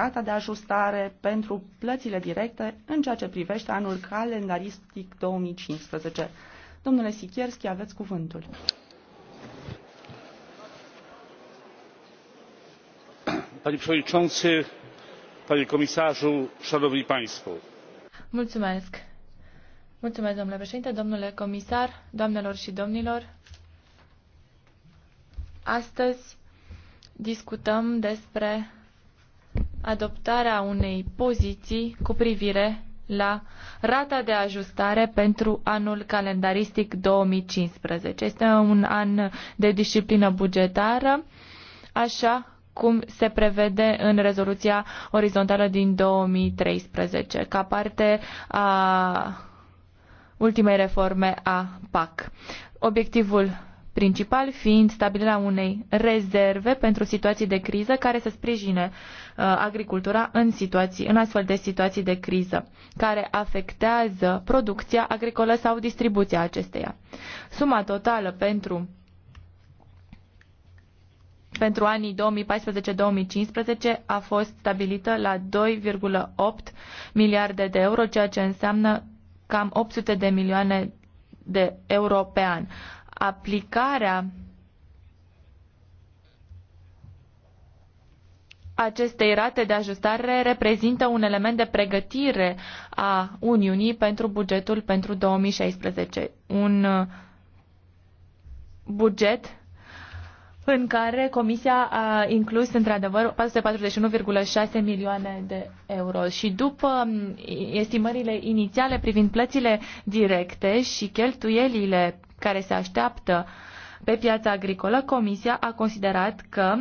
rata de ajustare pentru plățile directe în ceea ce privește anul calendaristic 2015. Domnule Sikierski, aveți cuvântul. Panie Przewodniczący, Panie Komisarzu, Szanowni Państwo. Mulțumesc. Mulțumesc, domnule președinte, domnule comisar, doamnelor și domnilor. Astăzi discutăm despre adoptarea unei poziții cu privire la rata de ajustare pentru anul calendaristic 2015. Este un an de disciplină bugetară, așa cum se prevede în rezoluția orizontală din 2013, ca parte a ultimei reforme a PAC. Obiectivul principal fiind stabilirea unei rezerve pentru situații de criză care să sprijine uh, agricultura în, situații, în astfel de situații de criză care afectează producția agricolă sau distribuția acesteia. Suma totală pentru pentru anii 2014-2015 a fost stabilită la 2,8 miliarde de euro, ceea ce înseamnă cam 800 de milioane de euro pe an aplicarea acestei rate de ajustare reprezintă un element de pregătire a Uniunii pentru bugetul pentru 2016. Un uh, buget în care Comisia a inclus într-adevăr 441,6 milioane de euro și după um, estimările inițiale privind plățile directe și cheltuielile care se așteaptă pe piața agricolă, Comisia a considerat că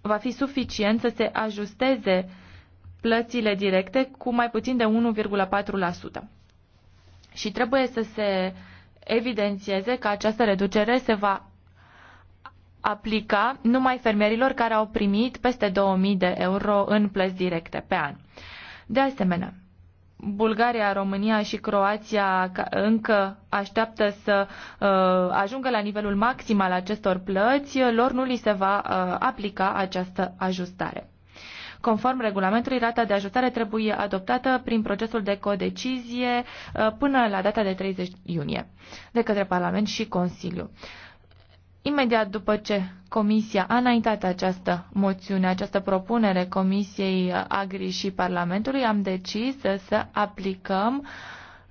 va fi suficient să se ajusteze plățile directe cu mai puțin de 1,4%. Și trebuie să se evidențieze că această reducere se va aplica numai fermierilor care au primit peste 2000 de euro în plăți directe pe an. De asemenea, Bulgaria, România și Croația încă așteaptă să uh, ajungă la nivelul maxim al acestor plăți, lor nu li se va uh, aplica această ajustare. Conform regulamentului, rata de ajustare trebuie adoptată prin procesul de codecizie uh, până la data de 30 iunie de către Parlament și Consiliu. Imediat după ce Comisia a înaintat această moțiune, această propunere Comisiei Agri și Parlamentului, am decis să aplicăm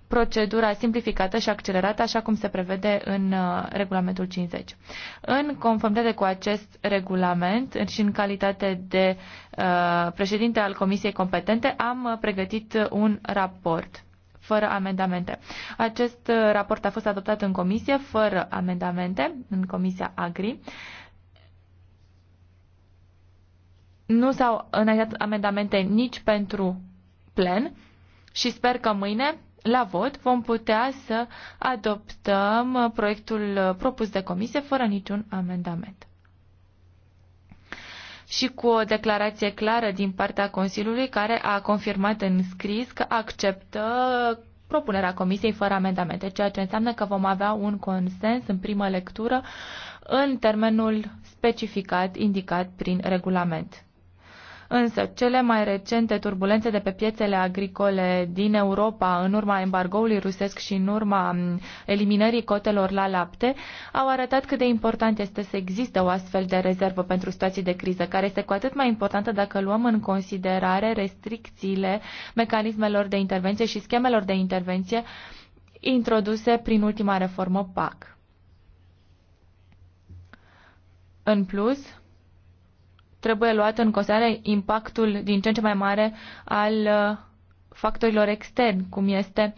procedura simplificată și accelerată, așa cum se prevede în uh, regulamentul 50. În conformitate cu acest regulament și în calitate de uh, președinte al Comisiei Competente, am pregătit un raport fără amendamente. Acest uh, raport a fost adoptat în comisie fără amendamente, în comisia AGRI. Nu s-au înaintat amendamente nici pentru plen și sper că mâine la vot vom putea să adoptăm proiectul uh, propus de comisie fără niciun amendament și cu o declarație clară din partea Consiliului care a confirmat în scris că acceptă propunerea Comisiei fără amendamente, ceea ce înseamnă că vom avea un consens în primă lectură în termenul specificat indicat prin regulament. Însă, cele mai recente turbulențe de pe piețele agricole din Europa, în urma embargoului rusesc și în urma mm, eliminării cotelor la lapte, au arătat cât de important este să există o astfel de rezervă pentru situații de criză, care este cu atât mai importantă dacă luăm în considerare restricțiile mecanismelor de intervenție și schemelor de intervenție introduse prin ultima reformă PAC. În plus, trebuie luat în considerare impactul din ce în ce mai mare al uh, factorilor externi, cum este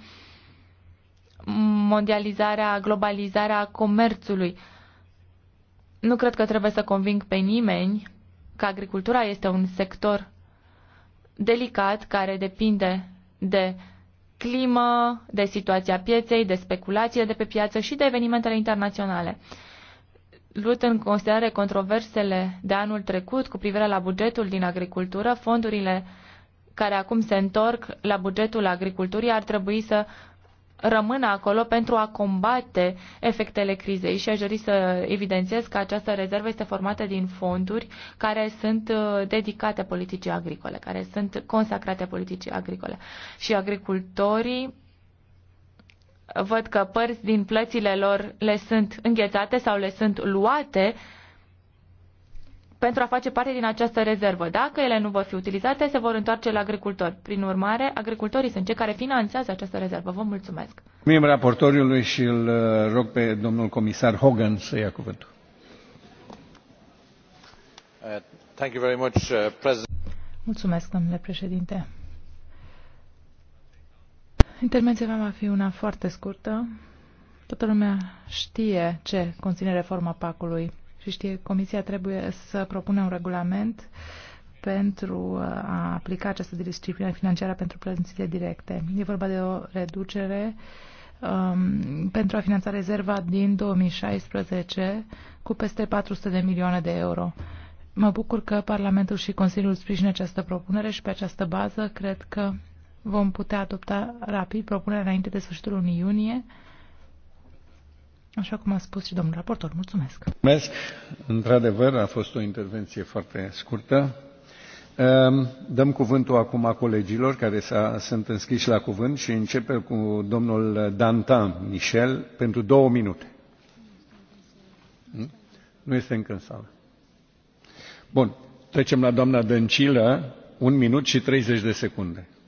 mondializarea, globalizarea comerțului. Nu cred că trebuie să conving pe nimeni că agricultura este un sector delicat care depinde de climă, de situația pieței, de speculație de pe piață și de evenimentele internaționale luând în considerare controversele de anul trecut cu privire la bugetul din agricultură, fondurile care acum se întorc la bugetul agriculturii ar trebui să rămână acolo pentru a combate efectele crizei și aș dori să evidențiez că această rezervă este formată din fonduri care sunt uh, dedicate politicii agricole, care sunt consacrate politicii agricole. Și agricultorii văd că părți din plățile lor le sunt înghețate sau le sunt luate pentru a face parte din această rezervă. Dacă ele nu vor fi utilizate, se vor întoarce la agricultori. Prin urmare, agricultorii sunt cei care finanțează această rezervă. Vă mulțumesc. Mulțumim raportorului și îl uh, rog pe domnul comisar Hogan să ia cuvântul. Uh, uh, mulțumesc, domnule președinte. Intervenția mea va fi una foarte scurtă. Toată lumea știe ce conține reforma PAC-ului și știe că Comisia trebuie să propună un regulament pentru uh, a aplica această disciplină financiară pentru plățile directe. E vorba de o reducere um, pentru a finanța rezerva din 2016 cu peste 400 de milioane de euro. Mă bucur că Parlamentul și Consiliul sprijină această propunere și pe această bază cred că vom putea adopta rapid propunerea înainte de sfârșitul lunii iunie, așa cum a spus și domnul raportor. Mulțumesc! Mulțumesc! Într-adevăr, a fost o intervenție foarte scurtă. Ehm, dăm cuvântul acum a colegilor care sunt înscriși la cuvânt și începem cu domnul Dantan Michel pentru două minute. Hmm? Nu este încă în sală. Bun. Trecem la doamna Dăncilă, un minut și 30 de secunde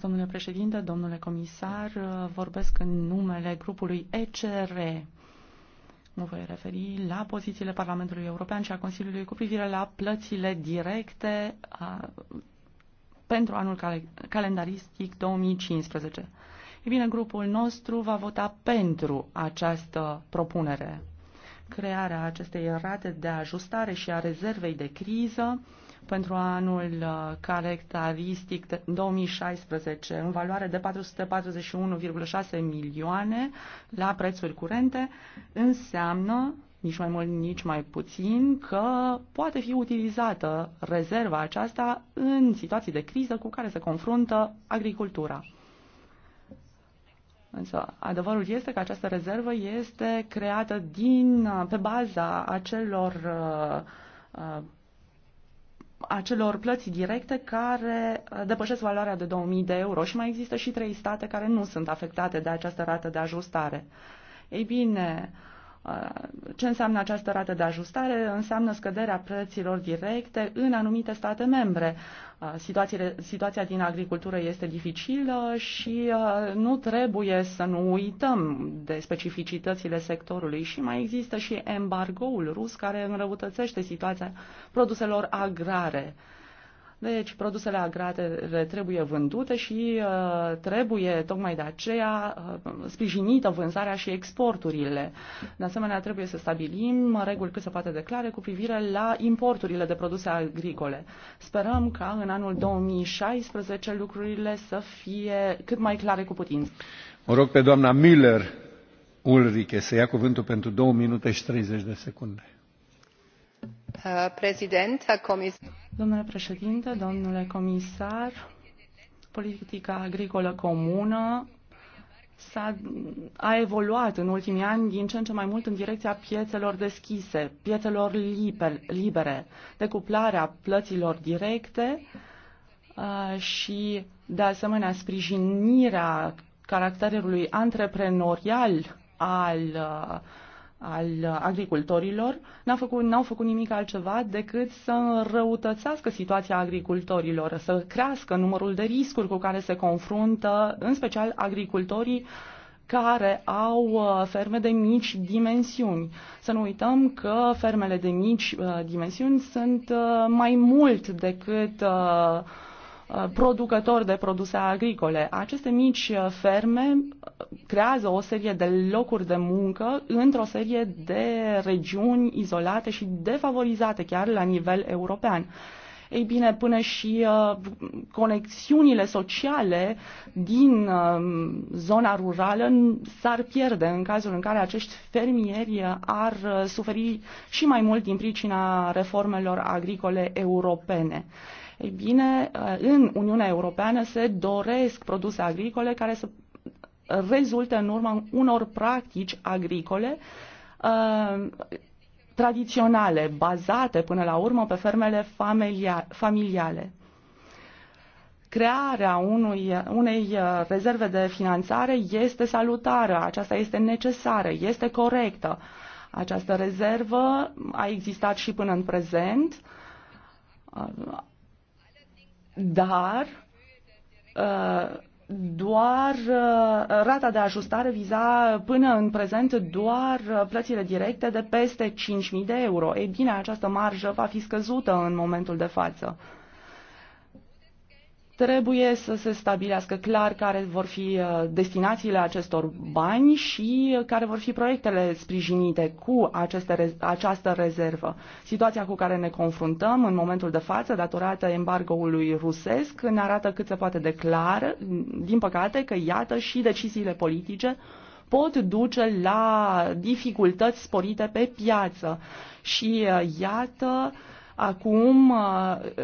domnule președinte domnule comisar vorbesc în numele grupului ecr. mă voi referi la pozițiile parlamentului european și a consiliului cu privire la plățile directe pentru anul calendaristic. două mii cincisprezece ei bine grupul nostru va vota pentru această propunere crearea acestei rate de ajustare și a rezervei de criză pentru anul uh, caracteristic 2016 în valoare de 441,6 milioane la prețuri curente înseamnă nici mai mult, nici mai puțin, că poate fi utilizată rezerva aceasta în situații de criză cu care se confruntă agricultura. Însă adevărul este că această rezervă este creată din, pe baza acelor, uh, acelor plăți directe care uh, depășesc valoarea de 2000 de euro și mai există și trei state care nu sunt afectate de această rată de ajustare. Ei bine, uh, ce înseamnă această rată de ajustare? Înseamnă scăderea plăților directe în anumite state membre. Uh, situația, situația din agricultură este dificilă și uh, nu trebuie să nu uităm de specificitățile sectorului și mai există și embargoul rus care înrăutățește situația produselor agrare. Deci produsele agrare trebuie vândute și uh, trebuie tocmai de aceea uh, sprijinită vânzarea și exporturile. De asemenea, trebuie să stabilim reguli cât se poate declare cu privire la importurile de produse agricole. Sperăm ca în anul 2016 lucrurile să fie cât mai clare cu putință. Mă rog pe doamna Miller Ulrike să ia cuvântul pentru 2 minute și 30 de secunde domnule președinte domnule comisar politica agricolă comună -a, evoluat în ultimii ani din ce în ce mai mult în direcția piețelor deschise, piețelor libere, decuplarea plăților directe și, de asemenea, sprijinirea caracterului antreprenorial al al agricultorilor n-au făcut, n-au făcut nimic altceva decât să răutățească situația agricultorilor, să crească numărul de riscuri cu care se confruntă, în special agricultorii care au uh, ferme de mici dimensiuni. Să nu uităm că fermele de mici uh, dimensiuni sunt uh, mai mult decât uh, Uh, producători de produse agricole. Aceste mici uh, ferme uh, creează o serie de locuri de muncă într-o serie de regiuni izolate și defavorizate chiar la nivel european ei bine, până și uh, conexiunile sociale din uh, zona rurală s-ar pierde în cazul în care acești fermieri ar suferi și mai mult din pricina reformelor agricole europene. Ei bine, în Uniunea Europeană se doresc produse agricole care să rezulte în urma unor practici agricole uh, tradiționale, bazate până la urmă pe fermele familiale. Crearea unui, unei uh, rezerve de finanțare este salutară, aceasta este necesară, este corectă. Această rezervă a existat și până în prezent. Uh, dar uh, doar uh, rata de ajustare viza până în prezent doar uh, plățile directe de peste 5.000 de euro. Ei bine, această marjă va fi scăzută în momentul de față. Trebuie să se stabilească clar care vor fi uh, destinațiile acestor bani și care vor fi proiectele sprijinite cu aceste, această rezervă. Situația cu care ne confruntăm în momentul de față, datorată embargoului rusesc, ne arată cât se poate de clar, din păcate, că iată și deciziile politice pot duce la dificultăți sporite pe piață. Și uh, iată, Acum uh,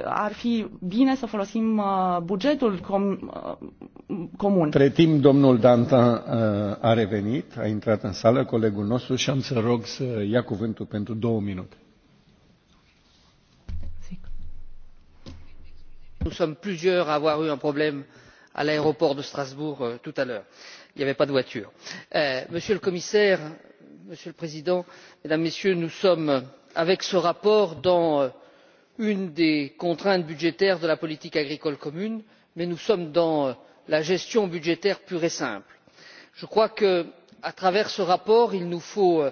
ar fi bine să folosim uh, bugetul com- uh, comun. Între timp, domnul Danta a revenit, a intrat în sală, colegul nostru, și am să rog să ia cuvântul pentru două minute. nous sommes plusieurs à avoir eu un problème à l'aéroport de strasbourg euh, tout à l'heure il n'y avait pas de voiture. Euh, monsieur le commissaire monsieur le président mesdames messieurs nous sommes avec ce rapport dans euh, une des contraintes budgétaires de la politique agricole commune mais nous sommes dans euh, la gestion budgétaire pure et simple. je crois que à travers ce rapport il nous faut euh,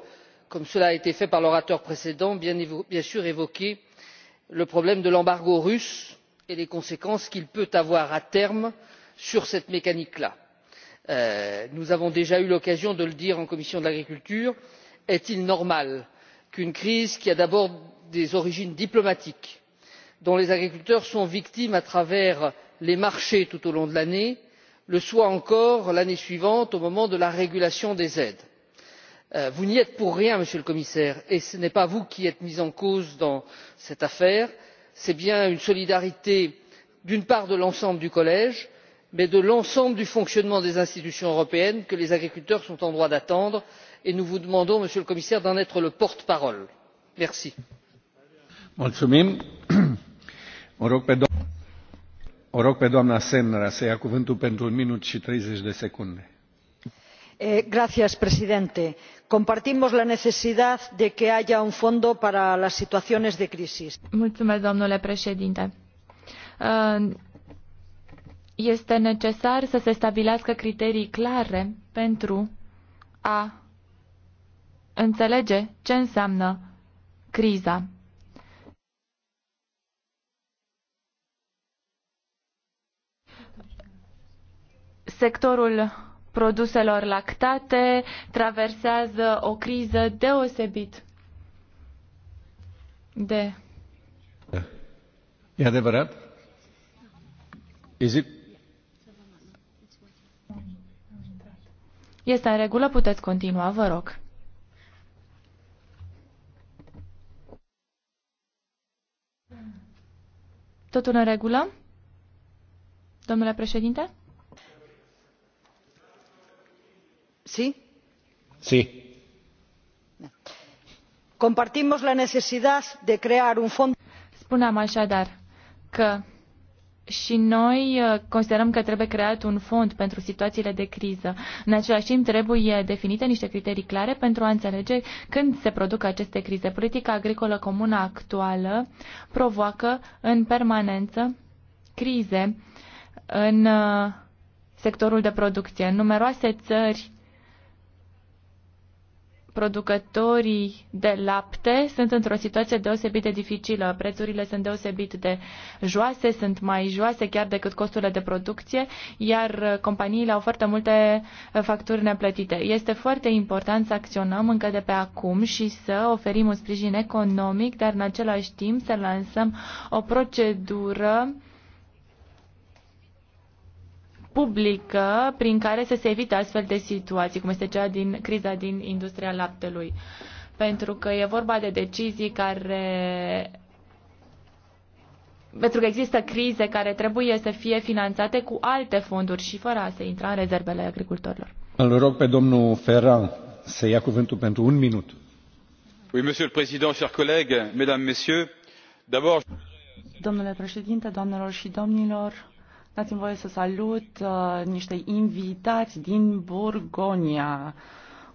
comme cela a été fait par l'orateur précédent bien sûr évoquer le problème de l'embargo russe et les conséquences qu'il peut avoir à terme sur cette mécanique là. Euh, nous avons déjà eu l'occasion de le dire en commission de l'agriculture est il normal qu'une crise qui a d'abord des origines diplomatiques dont les agriculteurs sont victimes à travers les marchés tout au long de l'année le soient encore l'année suivante au moment de la régulation des aides. Euh, vous n'y êtes pour rien monsieur le commissaire et ce n'est pas vous qui êtes mis en cause dans cette affaire c'est bien une solidarité d'une part de l'ensemble du collège mais aussi de l'ensemble du fonctionnement des institutions européennes que les agriculteurs sont en droit d'attendre et nous vous demandons monsieur le commissaire d'en être le porte parole. merci. Mulțumim. O rog pe, do- o doamna Senra să ia cuvântul pentru un minut și 30 de secunde. Eh, gracias, presidente. Compartimos la necesidad de que haya un fondo para las situaciones de crisis. Mulțumesc, domnule președinte. Uh, este necesar să se stabilească criterii clare pentru a înțelege ce înseamnă criza sectorul produselor lactate traversează o criză deosebit de. E adevărat? Is it... Este în regulă, puteți continua, vă rog. Totul în regulă? Domnule președinte? Da. Compartimos la necesidad de crear un fond. Spuneam așadar că și noi uh, considerăm că trebuie creat un fond pentru situațiile de criză. În același timp, trebuie definite niște criterii clare pentru a înțelege când se produc aceste crize. Politica agricolă comună actuală provoacă în permanență crize în uh, sectorul de producție. În numeroase țări producătorii de lapte sunt într-o situație deosebit de dificilă. Prețurile sunt deosebit de joase, sunt mai joase chiar decât costurile de producție, iar companiile au foarte multe eh, facturi neplătite. Este foarte important să acționăm încă de pe acum și să oferim un sprijin economic, dar în același timp să lansăm o procedură publică prin care să se evite astfel de situații, cum este cea din criza din industria laptelui. Pentru că e vorba de decizii care pentru că există crize care trebuie să fie finanțate cu alte fonduri și fără a se intra în rezervele agricultorilor. Îl rog pe domnul Ferran să ia cuvântul pentru un minut. Oui, monsieur le président, chers collègues, mesdames, messieurs, d'abord... Domnule președinte, doamnelor și domnilor, Dați-mi voie să salut uh, niște invitați din Burgonia,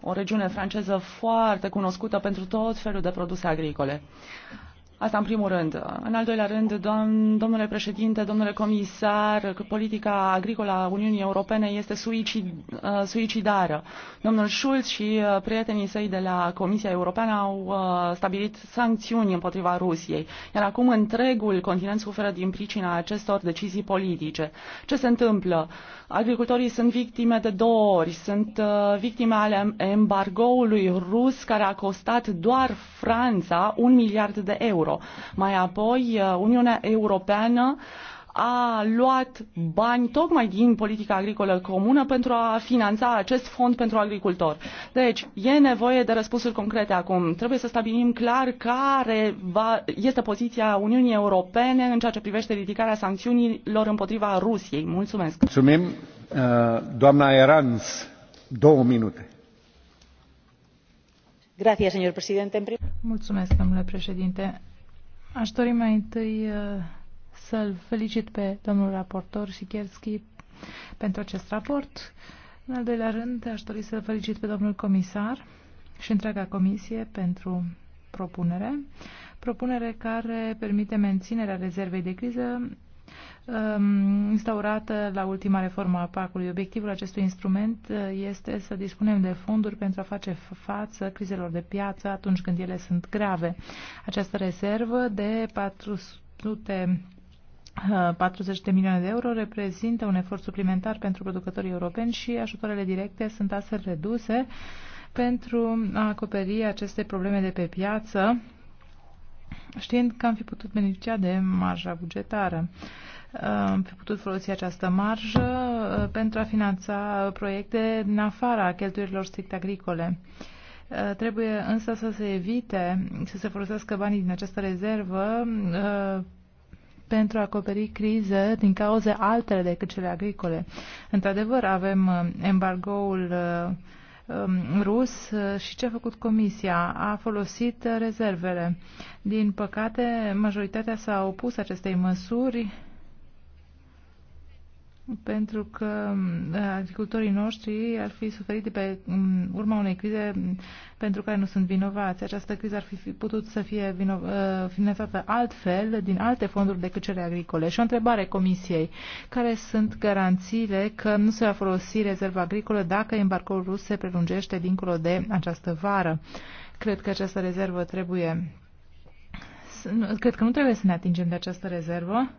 o regiune franceză foarte cunoscută pentru tot felul de produse agricole. Uh, Asta în primul rând. În al doilea rând, doam, domnule președinte, domnule comisar, politica agricolă a Uniunii Europene este suicid, uh, suicidară. Domnul Schulz și uh, prietenii săi de la Comisia Europeană au uh, stabilit sancțiuni împotriva Rusiei, iar acum întregul continent suferă din pricina acestor decizii politice. Ce se întâmplă? Agricultorii sunt victime de două ori, sunt uh, victime ale embargoului rus care a costat doar Franța un miliard de euro euro. Mai apoi, uh, Uniunea Europeană a luat bani tocmai din politica agricolă comună pentru a finanța acest fond pentru agricultori. Deci, e nevoie de răspunsuri concrete acum. Trebuie să stabilim clar care va, este poziția Uniunii Europene în ceea ce privește ridicarea sancțiunilor împotriva Rusiei. Mulțumesc. Mulțumim. Uh, doamna Eranz, două minute. Mulțumesc, domnule președinte Aș dori mai întâi uh, să-l felicit pe domnul raportor Sikierski pentru acest raport. În al doilea rând, aș dori să-l felicit pe domnul comisar și întreaga comisie pentru propunere, propunere care permite menținerea rezervei de criză Um, instaurată la ultima reformă a PAC-ului. Obiectivul acestui instrument uh, este să dispunem de fonduri pentru a face față crizelor de piață atunci când ele sunt grave. Această rezervă de 400 40 uh, de milioane de euro reprezintă un efort suplimentar pentru producătorii europeni și ajutoarele directe sunt astfel reduse pentru a acoperi aceste probleme de pe piață, știind că am fi putut beneficia de marja bugetară fi putut folosi această marjă uh, pentru a finanța proiecte în afara cheltuielilor strict agricole. Uh, trebuie însă să se evite să se folosească banii din această rezervă uh, pentru a acoperi crize din cauze altele decât cele agricole. Într-adevăr, avem embargoul um, rus și ce a făcut Comisia? A folosit rezervele. Din păcate, majoritatea s-a opus acestei măsuri pentru că uh, agricultorii noștri ar fi suferit de pe um, urma unei crize pentru care nu sunt vinovați. Această criză ar fi putut să fie uh, finanțată altfel, din alte fonduri decât cele agricole. Și o întrebare Comisiei. Care sunt garanțiile că nu se va folosi rezerva agricolă dacă embarcoul rus se prelungește dincolo de această vară? Cred că această rezervă trebuie... Cred că nu trebuie să ne atingem de această rezervă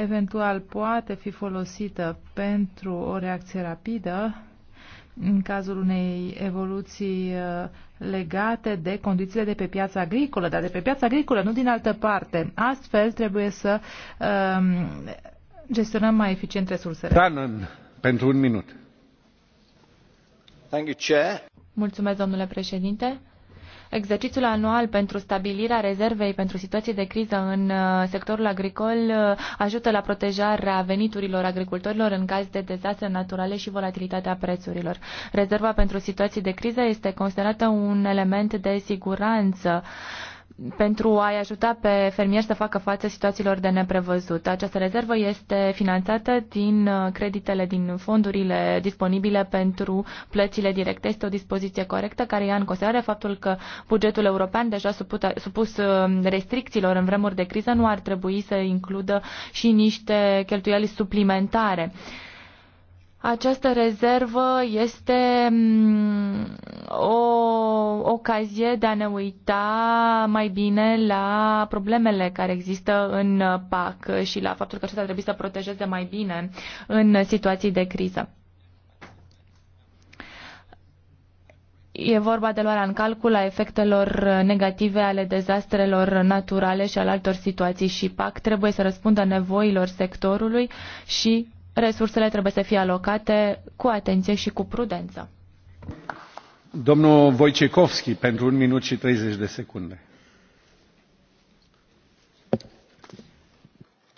eventual poate fi folosită pentru o reacție rapidă în cazul unei evoluții uh, legate de condițiile de pe piața agricolă, dar de pe piața agricolă, nu din altă parte. Astfel trebuie să um, gestionăm mai eficient resursele. Tanen, pentru un minut. Thank you, Chair. Mulțumesc, domnule președinte. Exercițiul anual pentru stabilirea rezervei pentru situații de criză în uh, sectorul agricol uh, ajută la protejarea veniturilor agricultorilor în caz de dezastre naturale și volatilitatea prețurilor. Rezerva pentru situații de criză este considerată un element de siguranță pentru a-i ajuta pe fermieri să facă față situațiilor de neprevăzut. Această rezervă este finanțată din uh, creditele din fondurile disponibile pentru plățile directe. Este o dispoziție corectă care ia în considerare faptul că bugetul european deja supus uh, restricțiilor în vremuri de criză nu ar trebui să includă și niște cheltuieli suplimentare. Uh, această rezervă este mm, o ocazie de a ne uita mai bine la problemele care există în PAC și la faptul că acesta trebuie să protejeze mai bine în situații de criză. E vorba de luarea în calcul a efectelor negative ale dezastrelor naturale și al altor situații și PAC trebuie să răspundă nevoilor sectorului și resursele trebuie să fie alocate cu atenție și cu prudență. Domnul Wojciechowski, pentru un minut și 30 de secunde.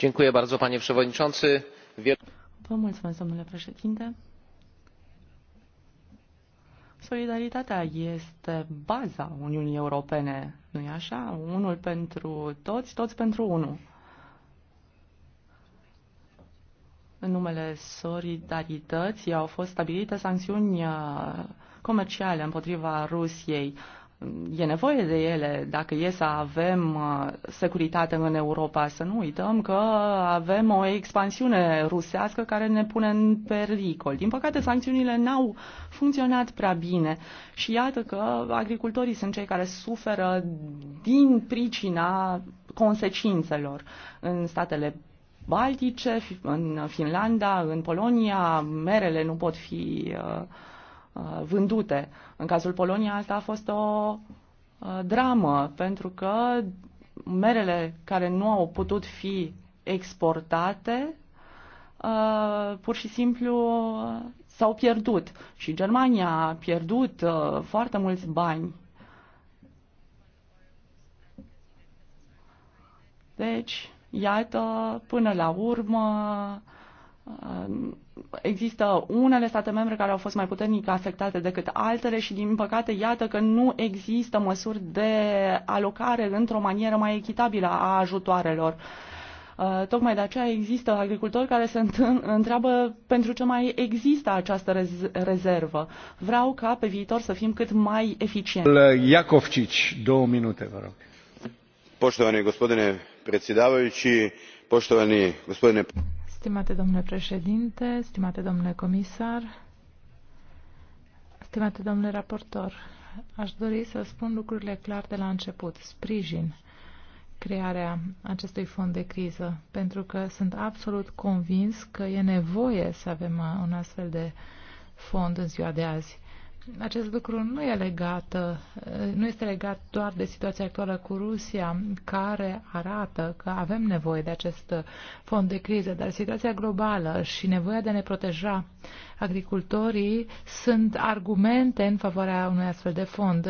Dziękuję bardzo, panie przewodniczący. Vă mulțumesc, domnule președinte. Solidaritatea este baza Uniunii Europene, nu-i așa? Unul pentru toți, toți pentru unul. în numele solidarității au fost stabilite sancțiuni uh, comerciale împotriva Rusiei. E nevoie de ele dacă e să avem uh, securitate în Europa. Să nu uităm că avem o expansiune rusească care ne pune în pericol. Din păcate, sancțiunile n-au funcționat prea bine și iată că agricultorii sunt cei care suferă din pricina consecințelor. În statele Baltice, în Finlanda, în Polonia, merele nu pot fi uh, uh, vândute. În cazul Polonia asta a fost o uh, dramă, pentru că merele care nu au putut fi exportate pur și simplu s-au pierdut. Și Germania a pierdut foarte mulți bani. Deci, Iată, până la urmă, există unele state membre care au fost mai puternic afectate decât altele și, din păcate, iată că nu există măsuri de alocare într-o manieră mai echitabilă a ajutoarelor. Uh, tocmai de aceea există agricultori care se întreabă pentru ce mai există această rez- rezervă. Vreau ca pe viitor să fim cât mai eficienți. Iacovcici, două minute, vă rog. Poștovane gospodine predsjedavajući poštovani stimate domnule președinte stimate domnule comisar stimate domnule raportor aș dori să spun lucrurile clar de la început sprijin crearea acestui fond de criză pentru că sunt absolut convins că e nevoie să avem un astfel de fond în ziua de azi acest lucru nu, e legat, eh, nu este legat doar de situația actuală cu Rusia, care arată că avem nevoie de acest fond de criză, dar situația globală și nevoia de a ne proteja agricultorii sunt argumente în favoarea unui astfel de fond.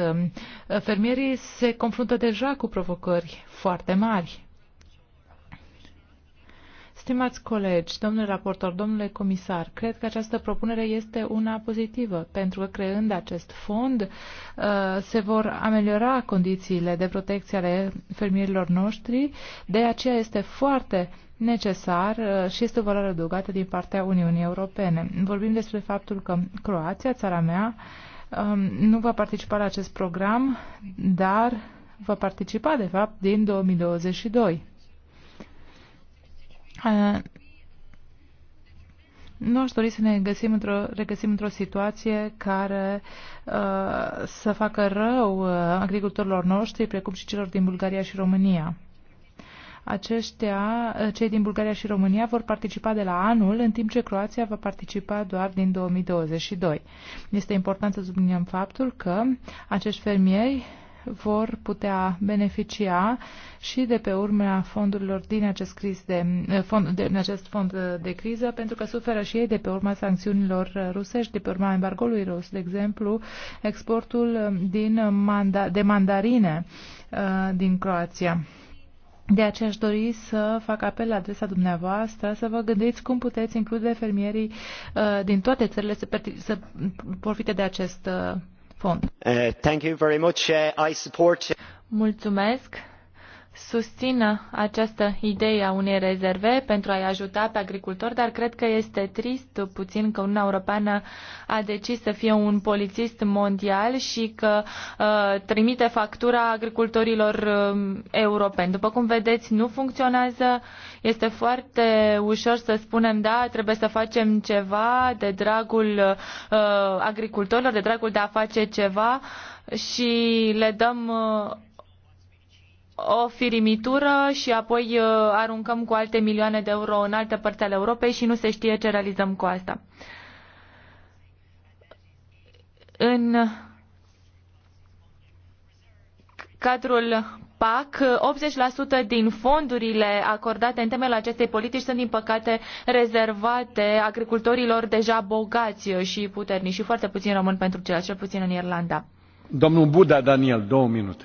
Fermierii se confruntă deja cu provocări foarte mari Stimați colegi, domnule raportor, domnule comisar, cred că această propunere este una pozitivă, pentru că creând acest fond uh, se vor ameliora condițiile de protecție ale fermierilor noștri, de aceea este foarte necesar uh, și este o valoare adăugată din partea Uniunii Europene. Vorbim despre faptul că Croația, țara mea, um, nu va participa la acest program, dar va participa, de fapt, din 2022 nu aș dori să ne găsim într-o, regăsim într-o situație care uh, să facă rău agricultorilor noștri, precum și celor din Bulgaria și România. Aceștia, cei din Bulgaria și România, vor participa de la anul, în timp ce Croația va participa doar din 2022. Este important să subliniem faptul că acești fermieri vor putea beneficia și de pe urma fondurilor din acest, criz de, fond, de, din acest fond de criză, pentru că suferă și ei de pe urma sancțiunilor rusești, de pe urma embargoului rus, de exemplu, exportul din manda, de mandarine uh, din Croația. De aceea aș dori să fac apel la adresa dumneavoastră, să vă gândiți cum puteți include fermierii uh, din toate țările să, să profite de acest uh, fond. Uh, uh, Mulțumesc susțină această idee a unei rezerve pentru a-i ajuta pe agricultori, dar cred că este trist puțin că Uniunea Europeană a decis să fie un polițist mondial și că uh, trimite factura agricultorilor uh, europeni. După cum vedeți, nu funcționează. Este foarte ușor să spunem, da, trebuie să facem ceva de dragul uh, agricultorilor, de dragul de a face ceva și le dăm uh, o firimitură și apoi uh, aruncăm cu alte milioane de euro în alte părți ale Europei și nu se știe ce realizăm cu asta. În cadrul PAC, 80% din fondurile acordate în temele acestei politici sunt, din păcate, rezervate agricultorilor deja bogați și puternici și foarte puțin român pentru ceilalți, cel puțin în Irlanda. Domnul Buda Daniel, două minute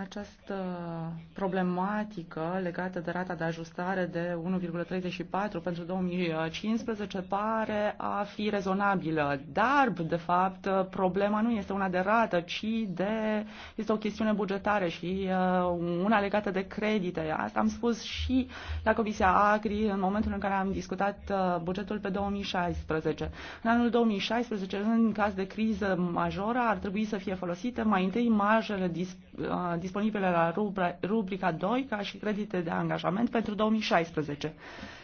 Această problematică legată de rata de ajustare de 1,34 pentru 2015 pare a fi rezonabilă, dar, de fapt, problema nu este una de rată, ci de, este o chestiune bugetară și uh, una legată de credite. Asta am spus și la Comisia Agri în momentul în care am discutat uh, bugetul pe 2016. În anul 2016, în caz de criză majoră, ar trebui să fie folosite mai întâi marjele disponibile uh, disponibile la rubrica 2 ca și credite de angajament pentru 2016.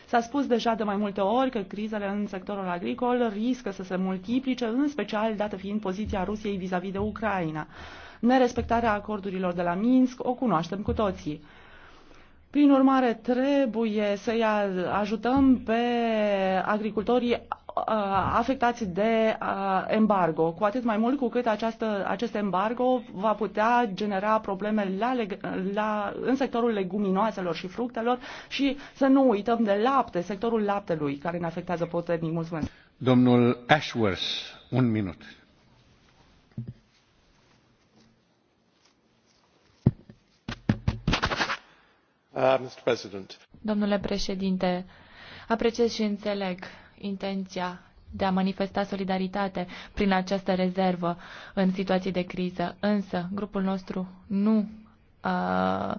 S-a spus deja de mai multe ori că crizele în sectorul agricol riscă să se multiplice, în special dată fiind poziția Rusiei vis-a-vis -vis de Ucraina. Nerespectarea acordurilor de la Minsk o cunoaștem cu toții. Prin urmare, trebuie să-i ajutăm pe agricultorii Uh, afectați de uh, embargo, cu atât mai mult cu cât această, acest embargo va putea genera probleme la, la, în sectorul leguminoaselor și fructelor și să nu uităm de lapte, sectorul laptelui, care ne afectează puternic. Mulțumesc. Domnul Ashworth, un minut. Uh, Domnule președinte, apreciez și înțeleg intenția de a manifesta solidaritate prin această rezervă în situații de criză, însă grupul nostru nu uh,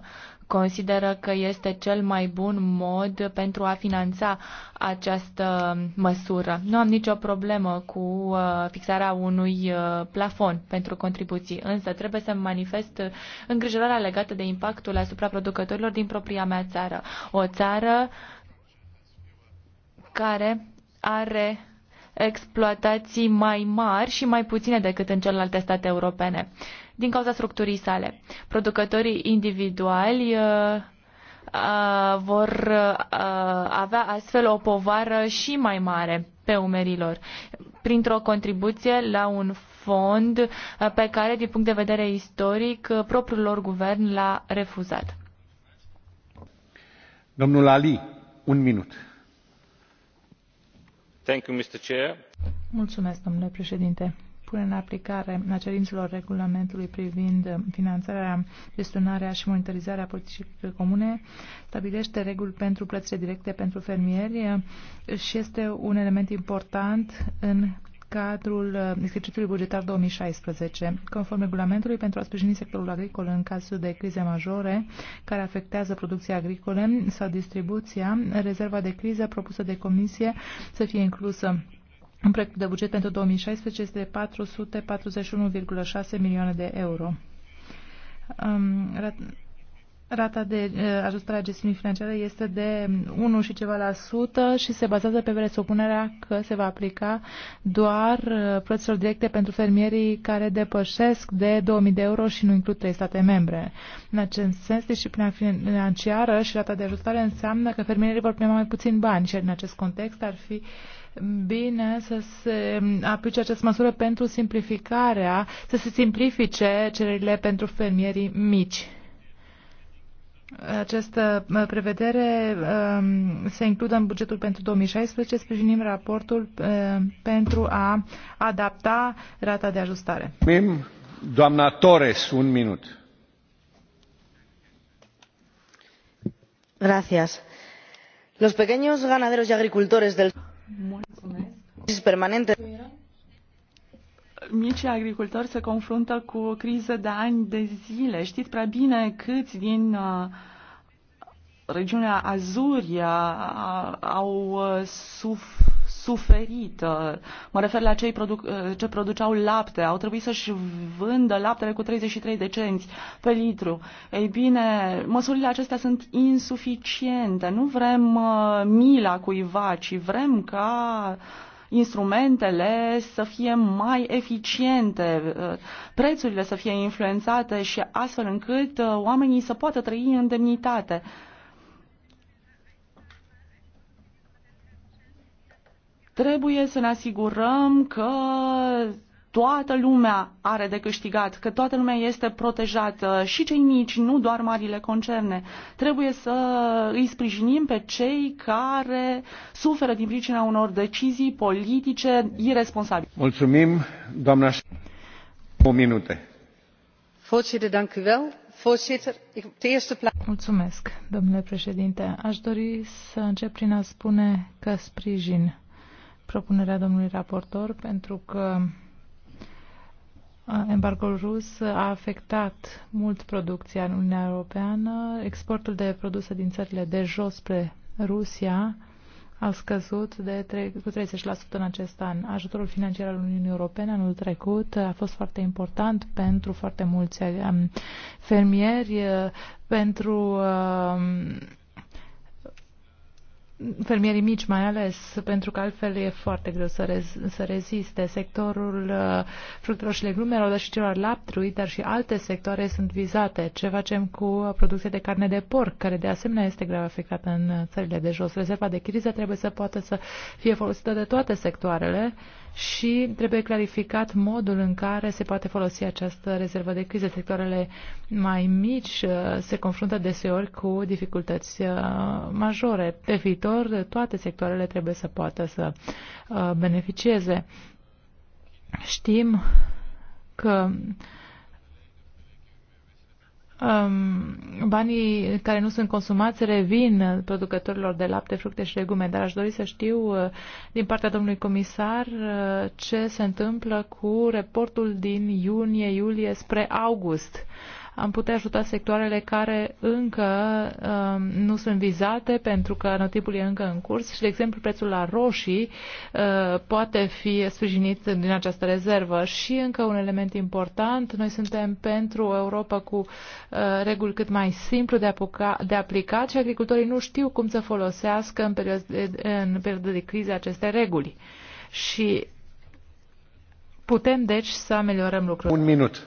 consideră că este cel mai bun mod pentru a finanța această măsură. Nu am nicio problemă cu fixarea unui plafon pentru contribuții, însă trebuie să manifest îngrijorarea legată de impactul asupra producătorilor din propria mea țară. O țară care are exploatații mai mari și mai puține decât în celelalte state europene, din cauza structurii sale. Producătorii individuali uh, uh, vor uh, avea astfel o povară și mai mare pe umerilor, printr-o contribuție la un fond pe care, din punct de vedere istoric, propriul lor guvern l-a refuzat. Domnul Ali, un minut. Mulțumesc, domnule președinte punerea în aplicare a cerințelor regulamentului privind finanțarea, gestionarea și monitorizarea politicii comune stabilește reguli pentru plățile directe pentru fermieri și este un element important în cadrul uh, exercițiului bugetar 2016. Conform regulamentului, pentru a sprijini sectorul agricol în cazul de crize majore care afectează producția agricole sau distribuția, rezerva de criză propusă de comisie să fie inclusă în proiectul de buget pentru 2016 este de 441,6 milioane de euro. Um, Rata de eh, ajustare a gestiunii financiare este de 1 și ceva la sută și se bazează pe presupunerea că se va aplica doar eh, plăților directe pentru fermierii care depășesc de 2000 de euro și nu includ trei state membre. În acest sens, disciplina financiară și rata de ajustare înseamnă că fermierii vor primi mai puțin bani și în acest context ar fi bine să se aplice această măsură pentru simplificarea, să se simplifice cererile pentru fermierii mici această uh, prevedere um, se includă în bugetul pentru 2016. Sprijinim raportul uh, pentru a adapta rata de ajustare. Mim, doamna Torres, un minut. Gracias. Los pequeños ganaderos y agricultores del permanente micii agricultori se confruntă cu o criză de ani de zile. Știți prea bine câți din uh, regiunea Azuria uh, au uh, suf, suferit. Mă refer la cei produc, ce produceau lapte. Au trebuit să-și vândă laptele cu 33 de cenți pe litru. Ei bine, măsurile acestea sunt insuficiente. Nu vrem mila cuiva, ci vrem ca uh, instrumentele să fie mai eficiente, uh, prețurile să fie influențate și astfel încât uh, oamenii să poată trăi în demnitate. Trebuie să ne asigurăm că toată lumea are de câștigat, că toată lumea este protejată, și cei mici, nu doar marile concerne. Trebuie să îi sprijinim pe cei care suferă din pricina unor decizii politice irresponsabile. Mulțumim, doamna. O minute. Voorzitter, dank de Mulțumesc, domnule președinte. Aș dori să încep prin a spune că sprijin propunerea domnului raportor pentru că Embargoul rus a afectat mult producția în Uniunea Europeană. Exportul de produse din țările de jos spre Rusia a scăzut de 3, cu 30% în acest an. Ajutorul financiar al Uniunii Europene anul trecut a fost foarte important pentru foarte mulți fermieri, pentru fermierii mici mai ales, pentru că altfel e foarte greu să, rez, să reziste. Sectorul uh, fructelor și legumelor, dar și celor al laptrui, dar și alte sectoare sunt vizate. Ce facem cu producția de carne de porc, care de asemenea este grav afectată în țările de jos? Rezerva de criză trebuie să poată să fie folosită de toate sectoarele. Uh, și trebuie clarificat modul în care se poate folosi această rezervă de criză. Sectoarele mai mici uh, se confruntă deseori cu dificultăți uh, majore. Pe viitor, toate sectoarele trebuie să poată să uh, beneficieze. Știm că uh, um, banii care nu sunt consumați revin producătorilor de lapte, fructe și legume, dar aș dori să știu uh, din partea domnului comisar uh, ce se întâmplă cu reportul din iunie-iulie spre august am putea ajuta sectoarele care încă um, nu sunt vizate pentru că anotipul e încă în curs și, de exemplu, prețul la roșii uh, poate fi sprijinit din această rezervă. Și încă un element important, noi suntem pentru o Europa cu uh, reguli cât mai simplu de, apuca, de aplicat și agricultorii nu știu cum să folosească în perioada de, în perioada de criză aceste reguli. Și putem, deci, să ameliorăm lucrurile. Un minut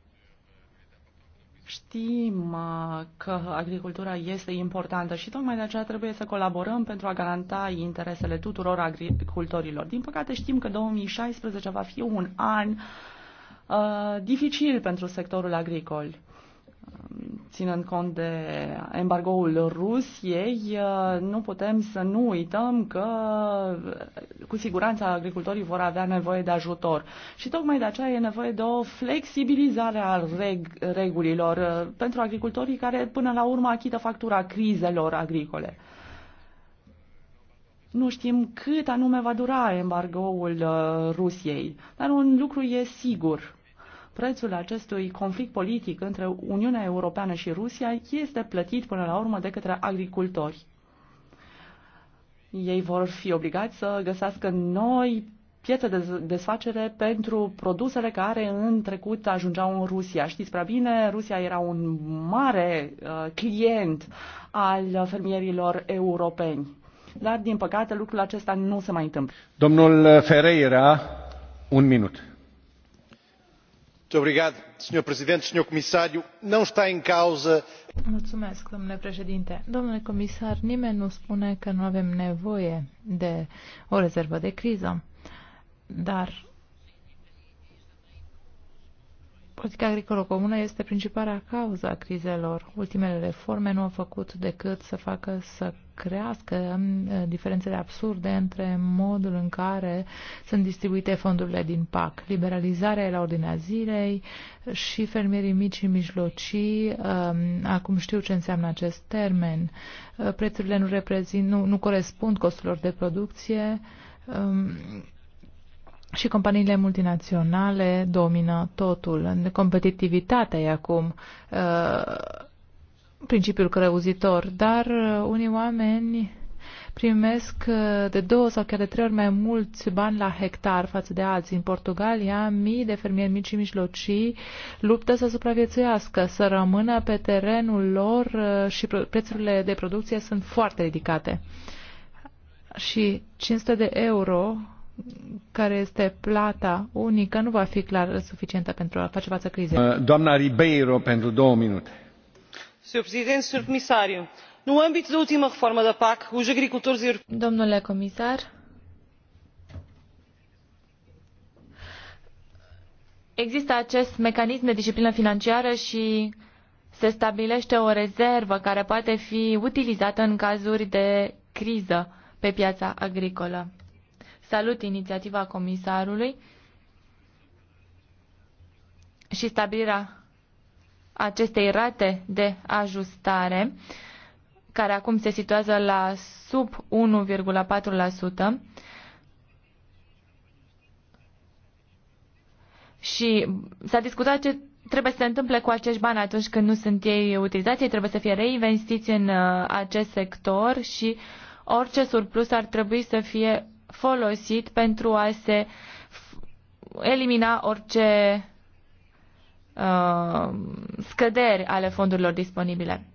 Știm uh, că agricultura este importantă și tocmai de aceea trebuie să colaborăm pentru a garanta interesele tuturor agricultorilor. Din păcate știm că 2016 va fi un an uh, dificil pentru sectorul agricol ținând cont de embargoul Rusiei, uh, nu putem să nu uităm că uh, cu siguranță agricultorii vor avea nevoie de ajutor. Și tocmai de aceea e nevoie de o flexibilizare a reg- regulilor uh, pentru agricultorii care până la urmă achită factura crizelor agricole. Nu știm cât anume va dura embargoul Rusiei, dar un lucru e sigur Prețul acestui conflict politic între Uniunea Europeană și Rusia este plătit până la urmă de către agricultori. Ei vor fi obligați să găsească noi piețe de desfacere pentru produsele care în trecut ajungeau în Rusia. Știți prea bine, Rusia era un mare uh, client al fermierilor europeni. Dar, din păcate, lucrul acesta nu se mai întâmplă. Domnul Ferreira, un minut domnule președinte domnule comisar nimeni nu spune că nu avem nevoie de o rezervă de criză dar Politica agricolă comună este principala cauză a crizelor. Ultimele reforme nu au făcut decât să facă să crească um, uh, diferențele absurde între modul în care sunt distribuite fondurile din PAC. Liberalizarea la ordinea zilei și fermierii mici și mijlocii, um, acum știu ce înseamnă acest termen. Uh, prețurile nu, reprezint, nu, nu corespund costurilor de producție um, și companiile multinaționale domină totul. Competitivitatea e acum uh, principiul creuzitor, dar uh, unii oameni primesc uh, de două sau chiar de trei ori mai mulți bani la hectar față de alții. În Portugalia, mii de fermieri mici și mijlocii luptă să supraviețuiască, să rămână pe terenul lor și prețurile de producție sunt foarte ridicate. Și 500 de euro care este plata unică, nu va fi clar suficientă pentru a face față crizei. Uh, doamna Ribeiro, pentru două minute. Sr. Președinte, Sr. Comissário, no âmbito da última reforma da PAC, os agricultores europeus... Domnule comisar, există acest mecanism de disciplină financiară și se stabilește o rezervă care poate fi utilizată în cazuri de criză pe piața agricolă. Salut inițiativa comisarului și stabilirea acestei rate de ajustare, care acum se situează la sub 1,4%. Și s-a discutat ce trebuie să se întâmple cu acești bani atunci când nu sunt ei utilizați, ei trebuie să fie reinvestiți în uh, acest sector și orice surplus ar trebui să fie folosit pentru a se elimina orice uh, scăderi ale fondurilor disponibile.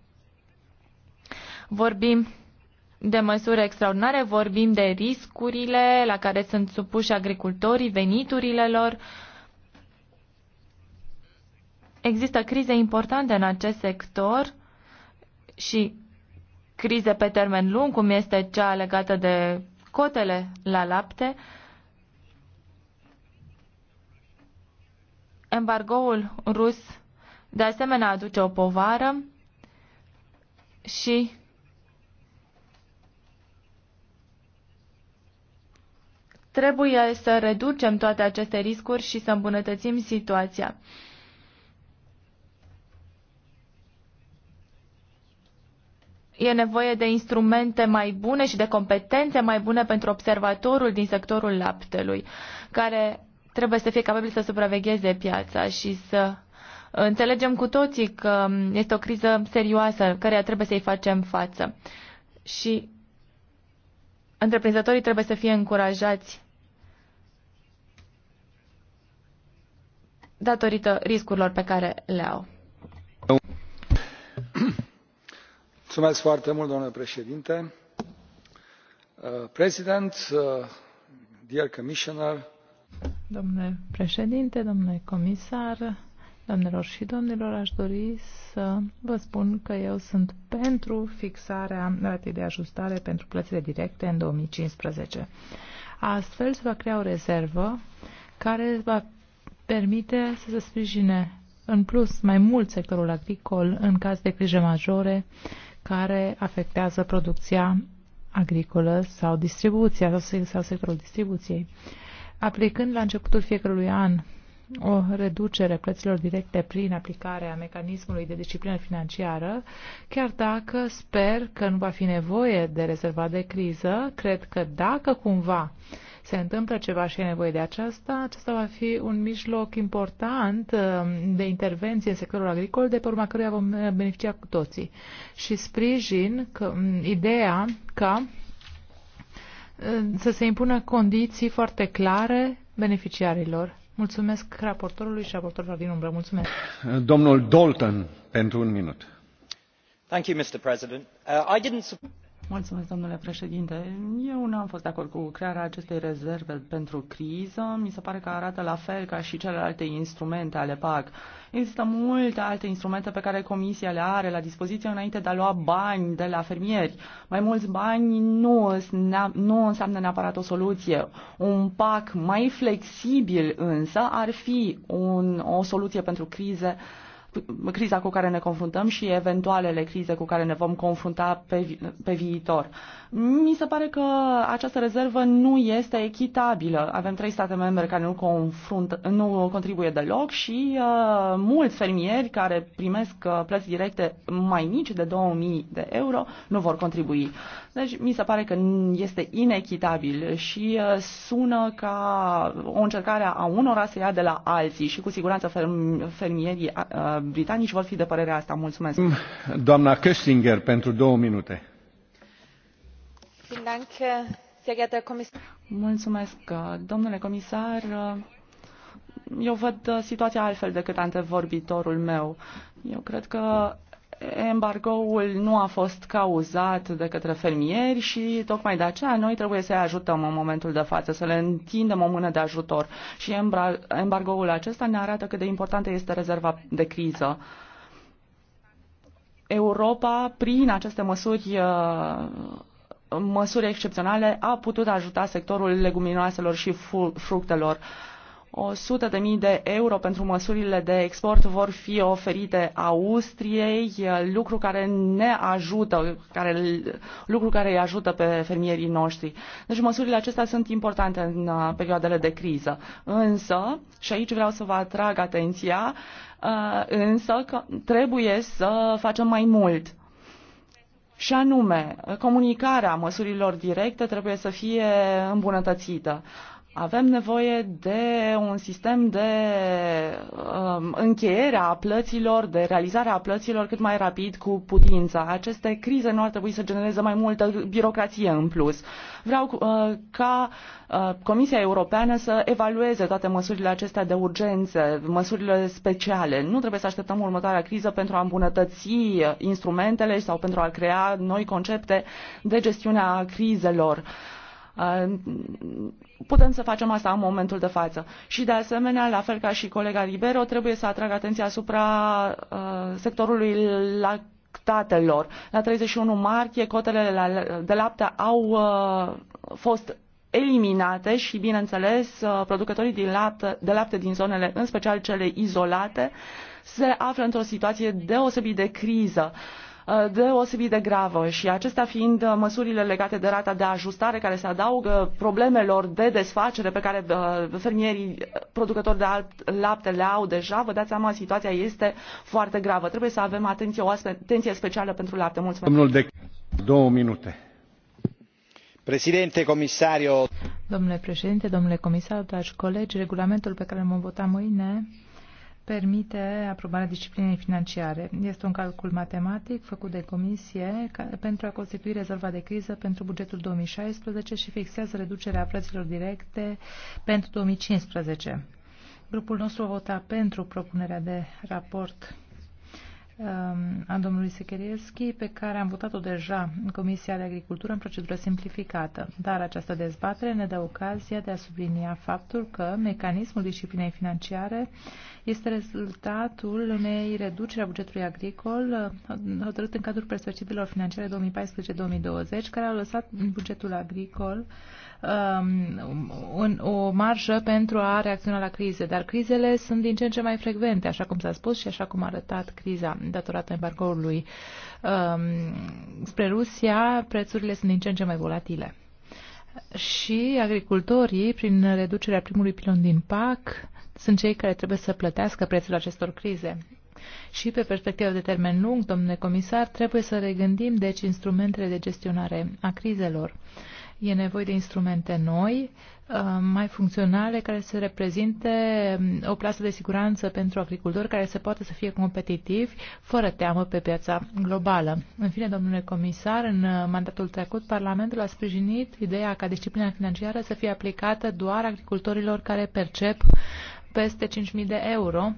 Vorbim de măsuri extraordinare, vorbim de riscurile la care sunt supuși agricultorii, veniturile lor. Există crize importante în acest sector și crize pe termen lung, cum este cea legată de cotele la lapte, embargoul rus de asemenea aduce o povară și trebuie să reducem toate aceste riscuri și să îmbunătățim situația. E nevoie de instrumente mai bune și de competențe mai bune pentru observatorul din sectorul laptelui, care trebuie să fie capabil să supravegheze piața și să înțelegem cu toții că este o criză serioasă, care trebuie să-i facem față. Și întreprinzătorii trebuie să fie încurajați datorită riscurilor pe care le au. foarte Mult, domnule președinte uh, uh domnule președinte domnule comisar domnilor și domnilor aș dori să vă spun că eu sunt pentru fixarea ratei de ajustare pentru plățile directe în 2015. astfel se va crea o rezervă care va permite să se sprijine în plus mai mult sectorul agricol în caz de crize majore care afectează producția agricolă sau distribuția sau sectorul distribuției. Aplicând la începutul fiecărui an o reducere plăților directe prin aplicarea mecanismului de disciplină financiară, chiar dacă sper că nu va fi nevoie de rezerva de criză, cred că dacă cumva se întâmplă ceva și e nevoie de aceasta, acesta va fi un mijloc important um, de intervenție în sectorul agricol, de pe urma căruia vom uh, beneficia cu toții. Și sprijin că, um, ideea că uh, să se impună condiții foarte clare beneficiarilor Mulțumesc raportorului și raportorilor din umbră. Mulțumesc. Domnul Dalton, pentru un minut. Thank you, Mr. President. Uh, I didn't... Mulțumesc, domnule președinte. Eu nu am fost de acord cu crearea acestei rezerve pentru criză. Mi se pare că arată la fel ca și celelalte instrumente ale PAC. Există multe alte instrumente pe care Comisia le are la dispoziție înainte de a lua bani de la fermieri. Mai mulți bani nu, nu înseamnă neapărat o soluție. Un PAC mai flexibil însă ar fi un, o soluție pentru crize uh, criza cu care ne confruntăm și eventualele crize cu care ne vom confrunta pe, vi pe viitor. Mi se pare că această rezervă nu este echitabilă. Avem trei state membre care nu, confrunt, nu contribuie deloc și uh, mulți fermieri care primesc uh, plăți directe mai mici de 2000 de euro nu vor contribui. Deci mi se pare că este inechitabil și uh, sună ca o încercare a unora să ia de la alții și cu siguranță fermierii uh, britanici vor fi de părerea asta. Mulțumesc. Mm, doamna Köstinger, pentru două minute. Mulțumesc, domnule comisar. Eu văd situația altfel decât antevorbitorul meu. Eu cred că embargoul nu a fost cauzat de către fermieri și tocmai de aceea noi trebuie să-i ajutăm în momentul de față, să le întindem o mână de ajutor. Și embargoul acesta ne arată cât de importantă este rezerva de criză. Europa, prin aceste măsuri uh, măsuri excepționale a putut ajuta sectorul leguminoaselor și fructelor. 100 de mii de euro pentru măsurile de export vor fi oferite Austriei, lucru care ne ajută, care, lucru care îi ajută pe fermierii noștri. Deci măsurile acestea sunt importante în uh, perioadele de criză. Însă, și aici vreau să vă atrag atenția, uh, însă că trebuie să facem mai mult. Și anume, comunicarea măsurilor directe trebuie să fie îmbunătățită. Avem nevoie de un sistem de um, încheiere a plăților, de realizare a plăților cât mai rapid cu putința. Aceste crize nu ar trebui să genereze mai multă birocrație în plus. Vreau uh, ca uh, Comisia Europeană să evalueze toate măsurile acestea de urgență, măsurile speciale. Nu trebuie să așteptăm următoarea criză pentru a îmbunătăți instrumentele sau pentru a crea noi concepte de gestiune a crizelor. Uh, Uh, putem să facem asta în momentul de față. Și de asemenea, la fel ca și colega Libero, trebuie să atrag atenția asupra uh, sectorului la lactatelor. La 31 martie, cotele de lapte au uh, fost eliminate și, bineînțeles, producătorii din lapte, de lapte din zonele, în special cele izolate, se află într-o situație deosebit de criză. Uh, Uh, deosebit de gravă și acestea fiind uh, măsurile legate de rata de ajustare care se adaugă problemelor de desfacere pe care uh, fermierii producători de lapte le au deja, vă dați seama, situația este foarte gravă. Trebuie să avem atenție, o atenție specială pentru lapte. Mulțumesc. Domnul de două minute. Președinte, comisario. Domnule președinte, domnule comisar, dragi colegi, regulamentul pe care îl vom vota mâine permite aprobarea disciplinei financiare. Este un calcul matematic făcut de comisie pentru a constitui rezerva de criză pentru bugetul 2016 și fixează reducerea plăților directe pentru 2015. Grupul nostru vota pentru propunerea de raport Um, a domnului Secherieschi, pe care am votat-o deja în Comisia de Agricultură în procedură simplificată. Dar această dezbatere ne dă ocazia de a sublinia faptul că mecanismul disciplinei financiare este rezultatul unei reduceri a bugetului agricol uh, hotărât în cadrul perspectivelor financiare 2014-2020, care au lăsat bugetul agricol um, o marjă pentru a reacționa la crize, dar crizele sunt din ce în ce mai frecvente, așa cum s-a spus și așa cum a arătat criza datorată embargoului um, spre Rusia, prețurile sunt din ce în ce mai volatile. Și agricultorii, prin reducerea primului pilon din PAC, sunt cei care trebuie să plătească prețul acestor crize. Și pe perspectivă de termen lung, domnule comisar, trebuie să regândim deci instrumentele de gestionare a crizelor. Uh, E nevoie de instrumente noi, uh, mai funcționale, care să reprezinte um, o plasă de siguranță pentru agricultori care să poată să fie competitivi, fără teamă pe piața globală. În fine, domnule comisar, în uh, mandatul trecut, Parlamentul a sprijinit ideea ca disciplina financiară să fie aplicată doar agricultorilor care percep peste 5.000 de euro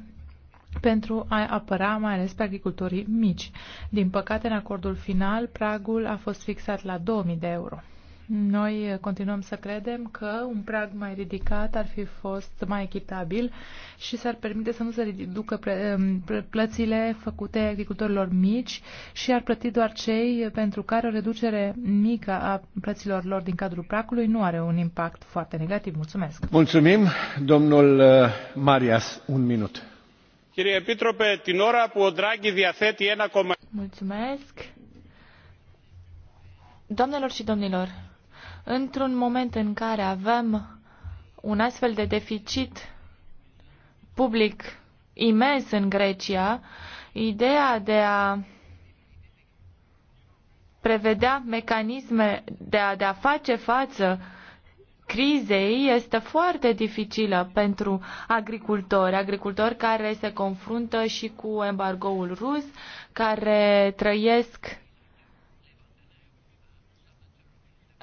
pentru a apăra mai ales pe agricultorii mici. Din păcate, în acordul final, pragul a fost fixat la 2000 de euro. Noi continuăm să credem că un prag mai ridicat ar fi fost mai echitabil și s-ar permite să nu se reducă um, plățile făcute agricultorilor mici și ar plăti doar cei pentru care o reducere mică a plăților lor din cadrul pracului nu are un impact foarte negativ. Mulțumesc! Mulțumim, domnul uh, Marias, un minut. Mulțumesc! Doamnelor și domnilor, într-un moment în care avem un astfel de deficit public imens în Grecia, ideea de a prevedea mecanisme de a, de a face față crizei este foarte dificilă pentru agricultori, agricultori care se confruntă și cu embargoul rus, care trăiesc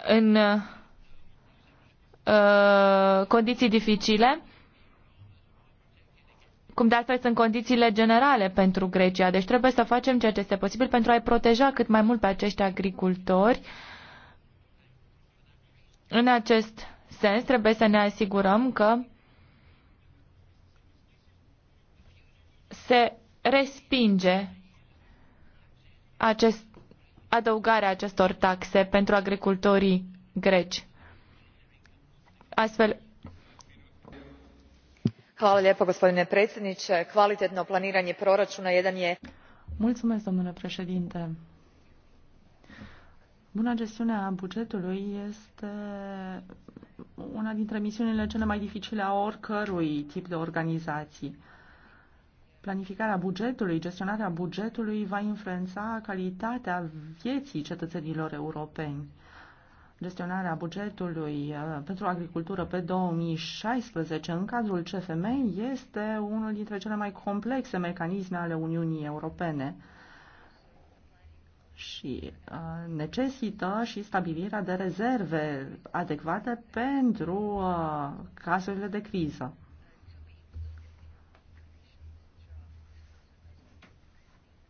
în uh, condiții dificile, cum de altfel sunt condițiile generale pentru Grecia. Deci trebuie să facem ceea ce este posibil pentru a-i proteja cât mai mult pe acești agricultori. În acest sens, trebuie să ne asigurăm că se respinge acest adăugarea acestor taxe pentru agricultorii greci. Astfel, gospodine predsjedniče. kvalitetno planiranje proračuna jedan je. domnule președinte. buna gestiune a bugetului este una dintre misiunile cele mai dificile a oricărui tip de organizații. Planificarea bugetului, gestionarea bugetului va influența calitatea vieții cetățenilor europeni. Gestionarea bugetului uh, pentru agricultură pe 2016 în cadrul CFM este unul dintre cele mai complexe mecanisme ale Uniunii Europene și uh, necesită și stabilirea de rezerve adecvate pentru uh, cazurile de criză.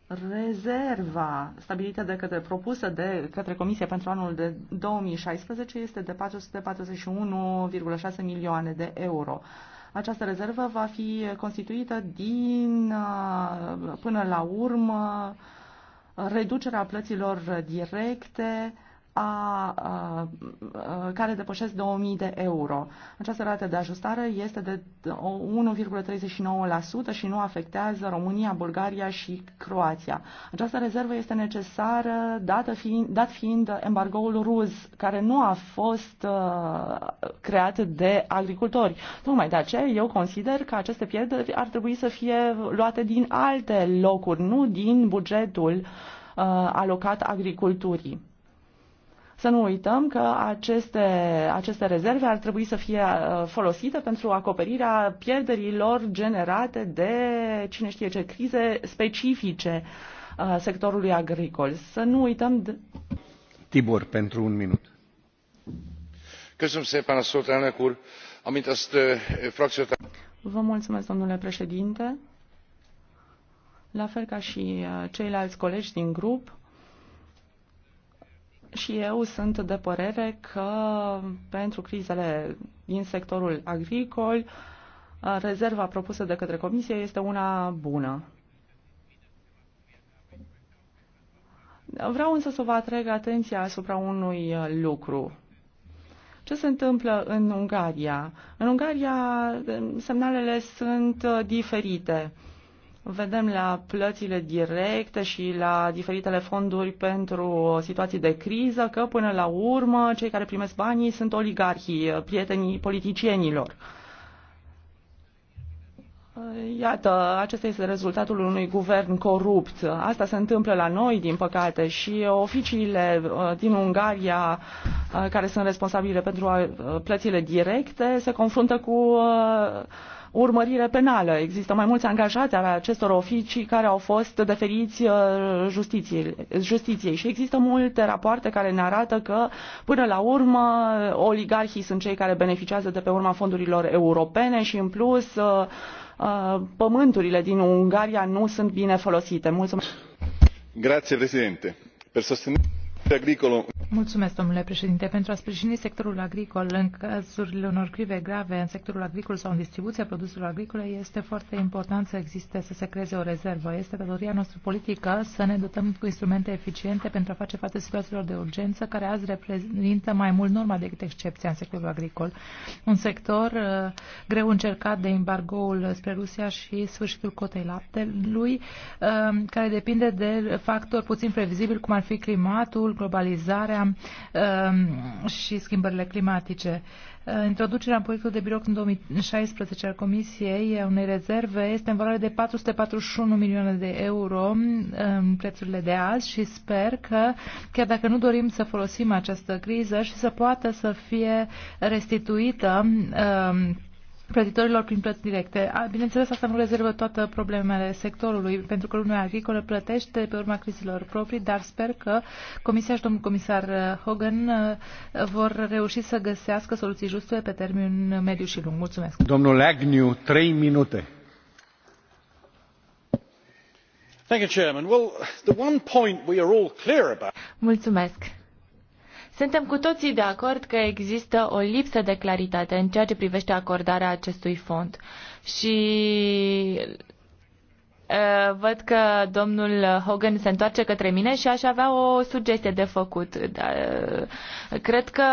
Rezerva stabilită de către, propusă de către Comisie pentru anul de 2016 este de 441,6 milioane de euro. Această rezervă va fi constituită din, uh, până la urmă, reducerea plăților directe a, a, uh, a care depășesc 2000 de euro. Această rată de ajustare este de 1,39% și nu afectează România, Bulgaria și Croația. Această rezervă este necesară dată fiind, dat fiind embargoul rus, care nu a fost uh, creat de agricultori. Tocmai de aceea eu consider că aceste pierderi ar trebui să fie luate din alte locuri, nu din bugetul uh, alocat agriculturii. Să nu uităm că aceste, aceste rezerve ar trebui să fie uh, folosite pentru acoperirea pierderilor generate de cine știe ce crize specifice uh, sectorului agricol. Să nu uităm... De... Tibor, pentru un minut. Uh, Vă mulțumesc, domnule președinte. La fel ca și ceilalți colegi din grup, și eu sunt de părere că pentru crizele din sectorul agricol, rezerva propusă de către Comisie este una bună. Vreau însă să vă atrag atenția asupra unui lucru. Ce se întâmplă în Ungaria? În Ungaria semnalele sunt diferite. Uh, vedem la plățile directe și la diferitele fonduri pentru situații de criză că, până la urmă, cei care primesc banii sunt oligarhii, prietenii politicienilor. Iată, acesta este rezultatul unui guvern corupt. Asta se întâmplă la noi, din păcate, și oficiile uh, din Ungaria, uh, care sunt responsabile pentru uh, plățile directe, se confruntă cu urmărire penală. Există mai mulți angajați ale acestor oficii care au fost deferiți uh, justiției, justiției și există multe rapoarte care ne arată că, până la urmă, oligarhii sunt cei care beneficiază de pe urma fondurilor europene și, în plus, uh, uh, pământurile din Ungaria nu sunt bine folosite. Mulțumesc. Grazie, Presidente. Per sostenere agricolo Mulțumesc, domnule președinte. Pentru a sprijini sectorul agricol în cazurile unor crive grave în sectorul agricol sau în distribuția produselor agricole, este foarte important să existe, să se creeze o rezervă. Este datoria noastră politică să ne dotăm cu instrumente eficiente pentru a face față situațiilor de urgență, care azi reprezintă mai mult norma decât excepția în sectorul agricol. Un sector uh, greu încercat de embargoul spre Rusia și sfârșitul cotei laptelui, uh, care depinde de factori puțin previzibili, cum ar fi climatul, globalizarea, dezvoltarea um, și schimbările climatice. Uh, introducerea în proiectul de birou în 2016 al Comisiei a uh, unei rezerve este în valoare de 441 milioane de euro um, în prețurile de azi și sper că, chiar dacă nu dorim să folosim această criză și să poată să fie restituită um, plătitorilor prin plăți directe. Bineînțeles, asta nu rezervă toate problemele sectorului, pentru că lumea agricolă plătește pe urma crizelor proprii, dar sper că Comisia și domnul comisar Hogan uh, vor reuși să găsească soluții juste pe termen mediu și lung. Mulțumesc. Domnul Agnew, trei minute. Mulțumesc. Suntem cu toții de acord că există o lipsă de claritate în ceea ce privește acordarea acestui fond. Și văd că domnul Hogan se întoarce către mine și aș avea o sugestie de făcut. Da, cred că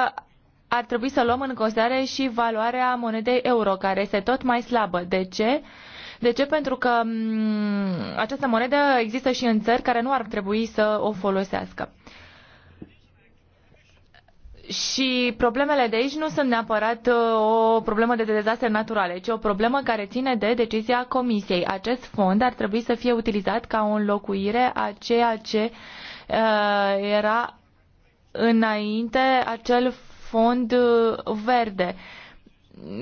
ar trebui să luăm în considerare și valoarea monedei euro, care este tot mai slabă. De ce? De ce? Pentru că această monedă există și în țări care nu ar trebui să o folosească și problemele de aici nu sunt neapărat uh, o problemă de dezastre naturale, ci o problemă care ține de decizia Comisiei. Acest fond ar trebui să fie utilizat ca o înlocuire a ceea ce uh, era înainte acel fond uh, verde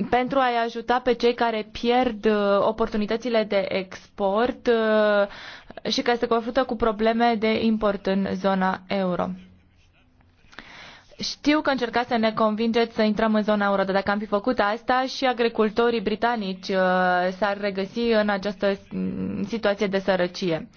pentru a-i ajuta pe cei care pierd uh, oportunitățile de export și care se confruntă cu probleme de import în zona euro. Știu că încercați să ne convingeți să intrăm în zona euro, dar dacă am fi făcut asta și agricultorii britanici uh, s-ar regăsi în această mm, situație de sărăcie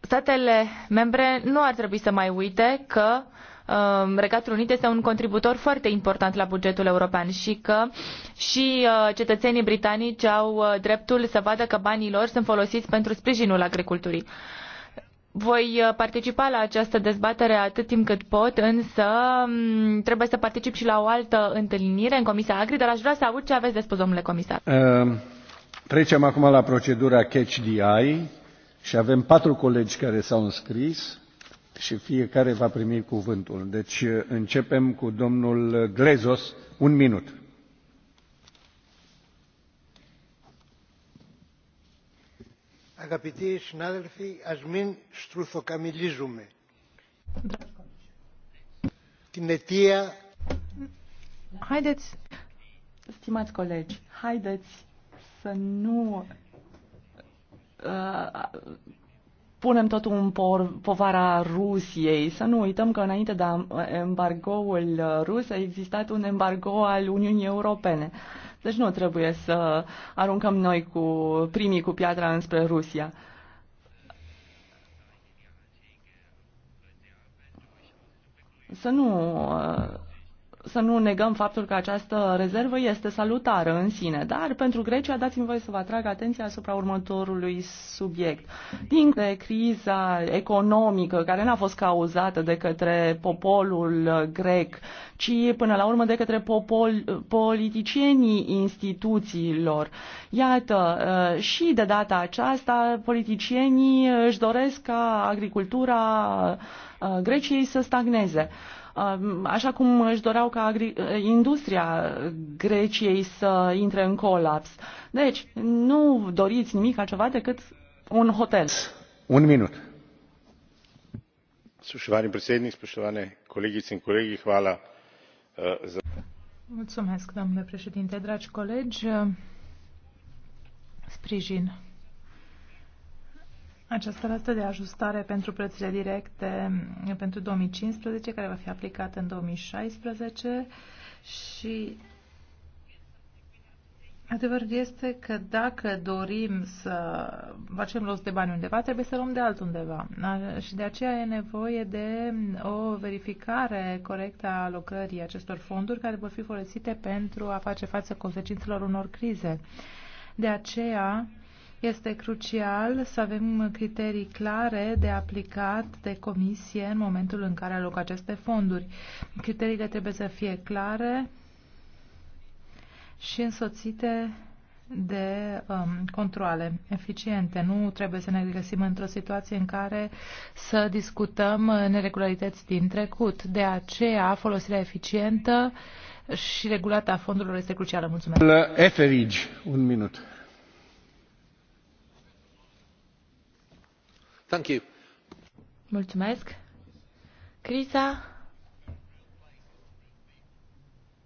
statele membre nu ar trebui să mai uite că uh, Regatul Unit este un contributor foarte important la bugetul european și că și uh, cetățenii britanici au uh, dreptul să vadă că banii lor sunt folosiți pentru sprijinul agriculturii voi uh, participa la această dezbatere atât timp cât pot, însă mm, trebuie să particip și la o altă întâlnire în Comisia Agri, dar aș vrea să aud ce aveți de spus, domnule comisar. Uh, trecem acum la procedura Catch the Eye și avem patru colegi care s-au înscris și fiecare va primi cuvântul. Deci uh, începem cu domnul Glezos, un minut. Αγαπητοί συνάδελφοι, Haideți, stimați colegi, haideți să nu uh, punem totul în por, povara Rusiei. Să nu uităm că înainte de embargoul rus a existat un embargo al Uniunii Europene. Uh, deci nu trebuie să aruncăm noi cu primii cu piatra înspre Rusia. Să nu uh, să nu negăm faptul că această rezervă este salutară în sine, dar pentru Grecia dați-mi voie să vă atrag atenția asupra următorului subiect. Din de criza economică care n-a fost cauzată de către poporul grec, ci până la urmă de către popol, politicienii instituțiilor. Iată, uh, și de data aceasta politicienii își doresc ca agricultura uh, Greciei să stagneze. Um, așa cum își doreau ca uh, industria Greciei să intre în colaps. Deci, nu doriți nimic altceva decât un hotel. Un minut. Spoštovani predsednik, spoštovane colegii in colegii, hvala uh, za. Mulțumesc, domnule președinte, dragi colegi. Uh, sprijin această rată de ajustare pentru plățile directe mm, pentru 2015, care va fi aplicată în 2016 și Adevărul este că dacă dorim să facem rost de bani undeva, trebuie să luăm de altundeva. Și de aceea e nevoie de mm, o verificare corectă a alocării acestor fonduri care vor fi folosite pentru a face față consecințelor unor crize. De aceea, este crucial să avem criterii clare de aplicat de comisie în momentul în care aloc aceste fonduri. Criteriile trebuie să fie clare și însoțite de um, controle eficiente. Nu trebuie să ne găsim într-o situație în care să discutăm neregularități din trecut. De aceea, folosirea eficientă și regulată a fondurilor este crucială. Mulțumesc. Eferige, un minut. Mulțumesc. Criza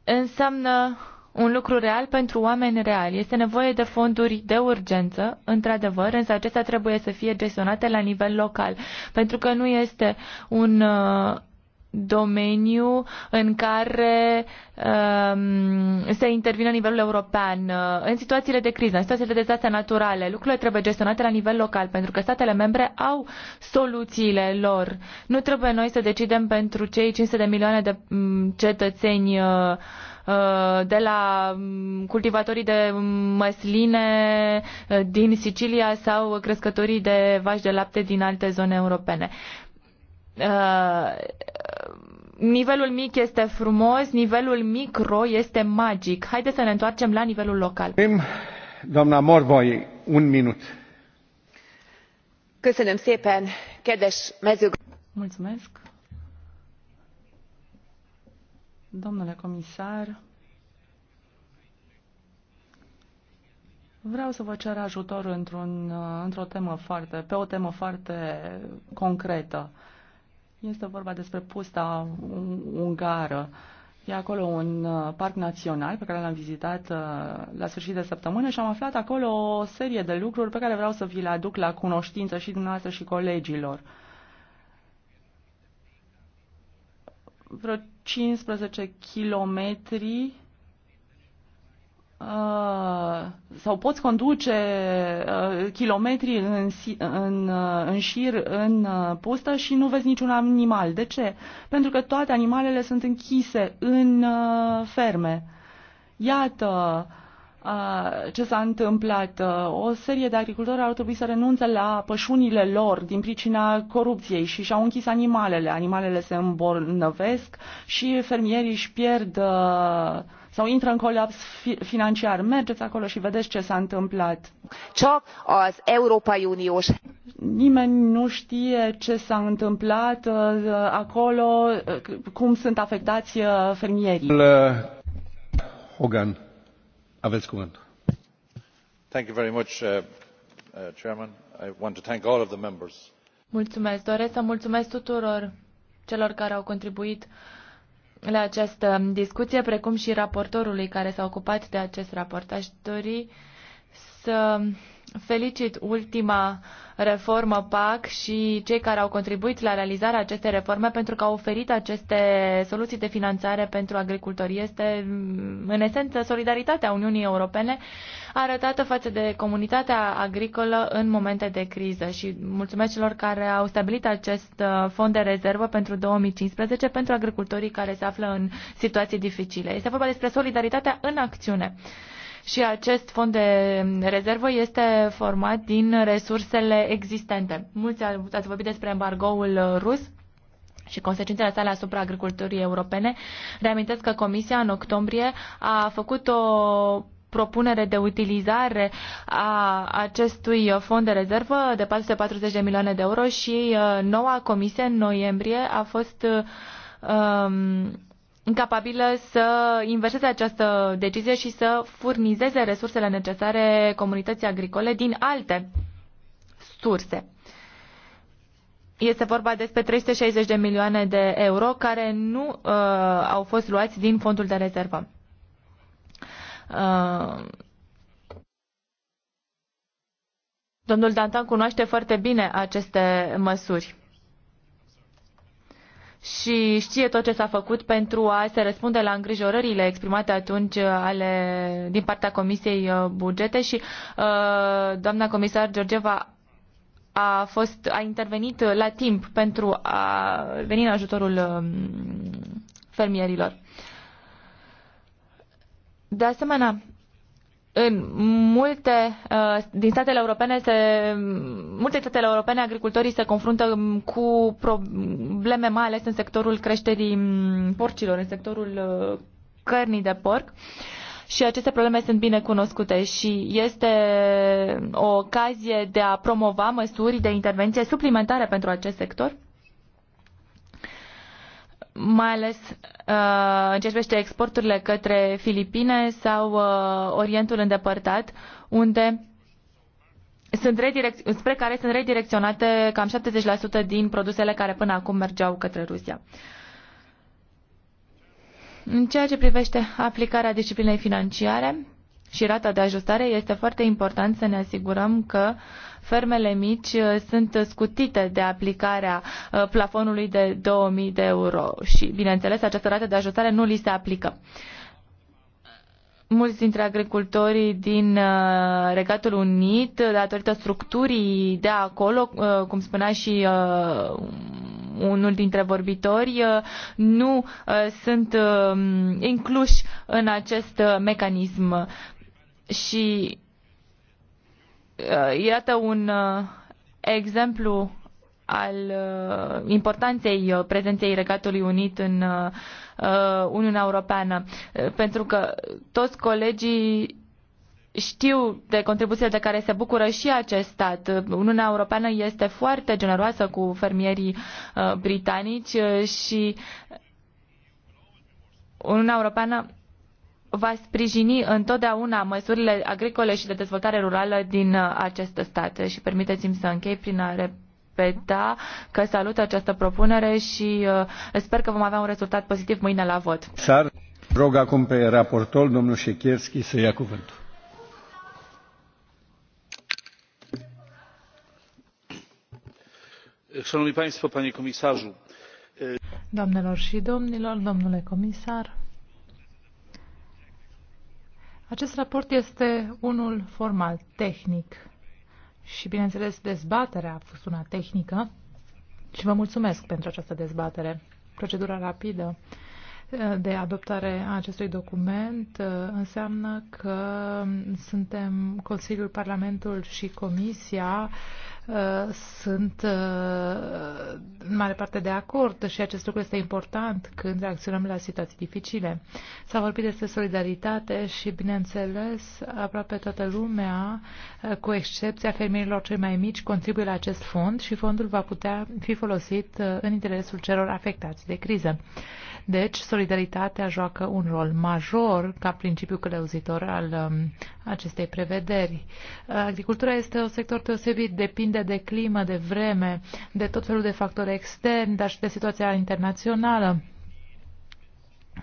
înseamnă un lucru real pentru oameni reali. Este nevoie de fonduri de urgență, într-adevăr, însă acestea trebuie să fie gestionate la nivel local, pentru că nu este un uh, domeniu în care um, se intervine la nivelul european. Uh, în situațiile de criză, în situațiile de dezastre naturale, lucrurile trebuie gestionate la nivel local, pentru că statele membre au soluțiile lor. Nu trebuie noi să decidem pentru cei 500 de milioane de mm, cetățeni uh, uh, de la mm, cultivatorii de măsline din Sicilia sau crescătorii de vaci de lapte din alte zone europene nivelul mic este frumos, nivelul micro este magic. Haideți să ne întoarcem la nivelul local. Doamna Morvai, un minut. Köszönöm szépen, kedves mezők. Mulțumesc. Domnule comisar, vreau să vă cer ajutor într într-o temă foarte, pe o temă foarte concretă. Uh, este vorba despre pusta ungară. E acolo un uh, parc național pe care l-am vizitat uh, la sfârșit de săptămână și am aflat acolo o serie de lucruri pe care vreau să vi le aduc la cunoștință și dumneavoastră și colegilor. Vreo 15 kilometri Uh, sau poți conduce uh, kilometri în, în, uh, în șir în pustă și nu vezi niciun animal. De ce? Pentru că toate animalele sunt închise în ferme. Iată ce s-a întâmplat. O serie de agricultori au trebuit să renunțe la pășunile lor din pricina corupției și și-au închis animalele. Animalele se îmbolnăvesc și fermierii își pierd uh, sau intră în colaps financiar. Mergeți acolo și vedeți ce s-a întâmplat. Csak az Európai Uniós. Nimeni nu știe ce s-a întâmplat uh, uh, acolo, uh, cum sunt afectați fermierii. Hogan, aveți cuvântul. Thank you very much, uh, uh, Chairman. I want to thank all of the members. Mulțumesc. Doresc să mulțumesc tuturor celor care au contribuit uh, la această discuție, precum și raportorului care s-a ocupat de acest raport. Aș dori să felicit ultima reformă PAC și cei care au contribuit la realizarea acestei reforme pentru că au oferit aceste soluții de finanțare pentru agricultori. Este, în esență, solidaritatea Uniunii Europene arătată față de comunitatea agricolă în momente de criză și mulțumesc celor care au stabilit acest uh, fond de rezervă pentru 2015 pentru agricultorii care se află în situații dificile. Este vorba despre solidaritatea în acțiune și acest fond de rezervă este format din resursele existente. Mulți ați vorbit despre embargoul rus și consecințele sale asupra agriculturii europene. Reamintesc că Comisia în octombrie a făcut o propunere de utilizare a acestui fond de rezervă de 440 de milioane de euro și uh, noua comisie în noiembrie a fost um, incapabilă să inverseze această decizie și să furnizeze resursele necesare comunității agricole din alte surse. Este vorba despre 360 de milioane de euro care nu uh, au fost luați din fondul de rezervă. Uh, domnul Dantan cunoaște foarte bine aceste măsuri și știe tot ce s-a făcut pentru a se răspunde la îngrijorările exprimate atunci ale, din partea Comisiei uh, Bugete și uh, doamna comisar Georgeva a, fost, a intervenit la timp pentru a veni în ajutorul um, fermierilor. De asemenea, în multe uh, din statele europene se, multe statele europene agricultorii se confruntă cu probleme mai ales în sectorul creșterii mm, porcilor, în sectorul uh, cărnii de porc. Și aceste probleme sunt bine cunoscute și este o ocazie de a promova măsuri de intervenție suplimentare pentru acest sector, mai ales Uh, în ce privește exporturile către Filipine sau uh, Orientul îndepărtat, unde sunt redirec- spre care sunt redirecționate cam 70% din produsele care până acum mergeau către Rusia. În ceea ce privește aplicarea disciplinei financiare, și rata de ajustare, este foarte important să ne asigurăm că fermele mici uh, sunt scutite de aplicarea uh, plafonului de 2000 de euro și, bineînțeles, această rată de ajustare nu li se aplică. Mulți dintre agricultorii din uh, Regatul Unit, datorită structurii de acolo, cum spunea și unul dintre vorbitori, nu sunt um, incluși în acest mecanism și uh, iată un uh, exemplu al uh, importanței prezenței Regatului Unit în Uniunea Europeană, pentru că toți colegii știu de contribuțiile de care se bucură și acest stat. Uniunea Europeană este foarte generoasă cu fermierii britanici și Uniunea Europeană va sprijini întotdeauna măsurile agricole și de dezvoltare rurală din uh, acest stat. Și permiteți-mi să închei prin a repeta că salut această propunere și uh, sper că vom avea un rezultat pozitiv mâine la vot. Sar, rog acum pe raportor, domnul Șechierski, să ia cuvântul. Szanowni Państwo, Panie Komisarzu. Doamnelor și domnilor, domnule comisar, acest raport este unul formal, tehnic și, bineînțeles, dezbaterea a fost una tehnică și vă mulțumesc pentru această dezbatere. Procedura rapidă eh, de adoptare a acestui document eh, înseamnă că suntem Consiliul, Parlamentul și Comisia Uh, sunt uh, în mare parte de acord și acest lucru este important când reacționăm la situații dificile. S-a vorbit despre solidaritate și, bineînțeles, aproape toată lumea, uh, cu excepția fermierilor cei mai mici, contribuie la acest fond și fondul va putea fi folosit în interesul celor afectați de criză. Deci, solidaritatea joacă un rol major ca principiu călăuzitor al um, acestei prevederi. Agricultura este un sector deosebit, depinde de climă, de vreme, de tot felul de factori externi, dar și de situația internațională.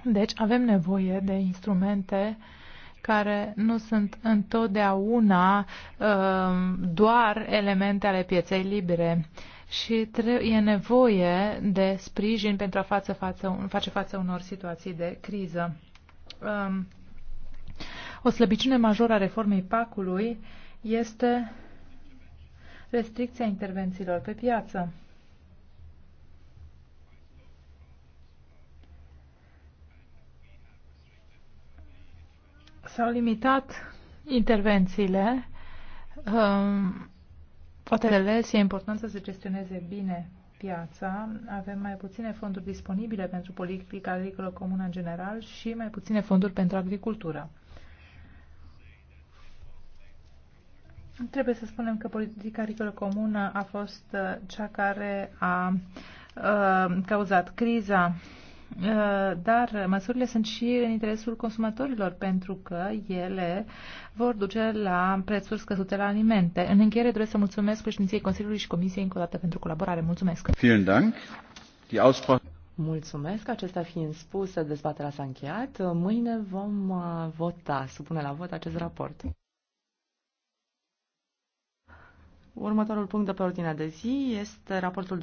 Deci avem nevoie de instrumente care nu sunt întotdeauna um, doar elemente ale pieței libere și e nevoie de sprijin pentru a face față, face față unor situații de criză. Um, o slăbiciune majoră a reformei PAC-ului este restricția intervențiilor pe piață. S-au limitat intervențiile um, Poate înțeles, e important să se gestioneze bine piața, avem mai puține fonduri disponibile pentru politica agricolă comună în general și mai puține fonduri pentru agricultură. Trebuie să spunem că politica agricolă comună a fost uh, cea care a, a uh, cauzat criza Eh, dar măsurile sunt și în interesul consumatorilor pentru că ele vor duce la prețuri scăzute la alimente. În încheiere doresc să mulțumesc președinției Consiliului și Comisiei încă o dată pentru colaborare. Mulțumesc! Mulțumesc, acesta fiind spus, dezbaterea s-a încheiat. Mâine vom uh, vota, supune la vot acest raport. Următorul punct de pe ordinea de zi este raportul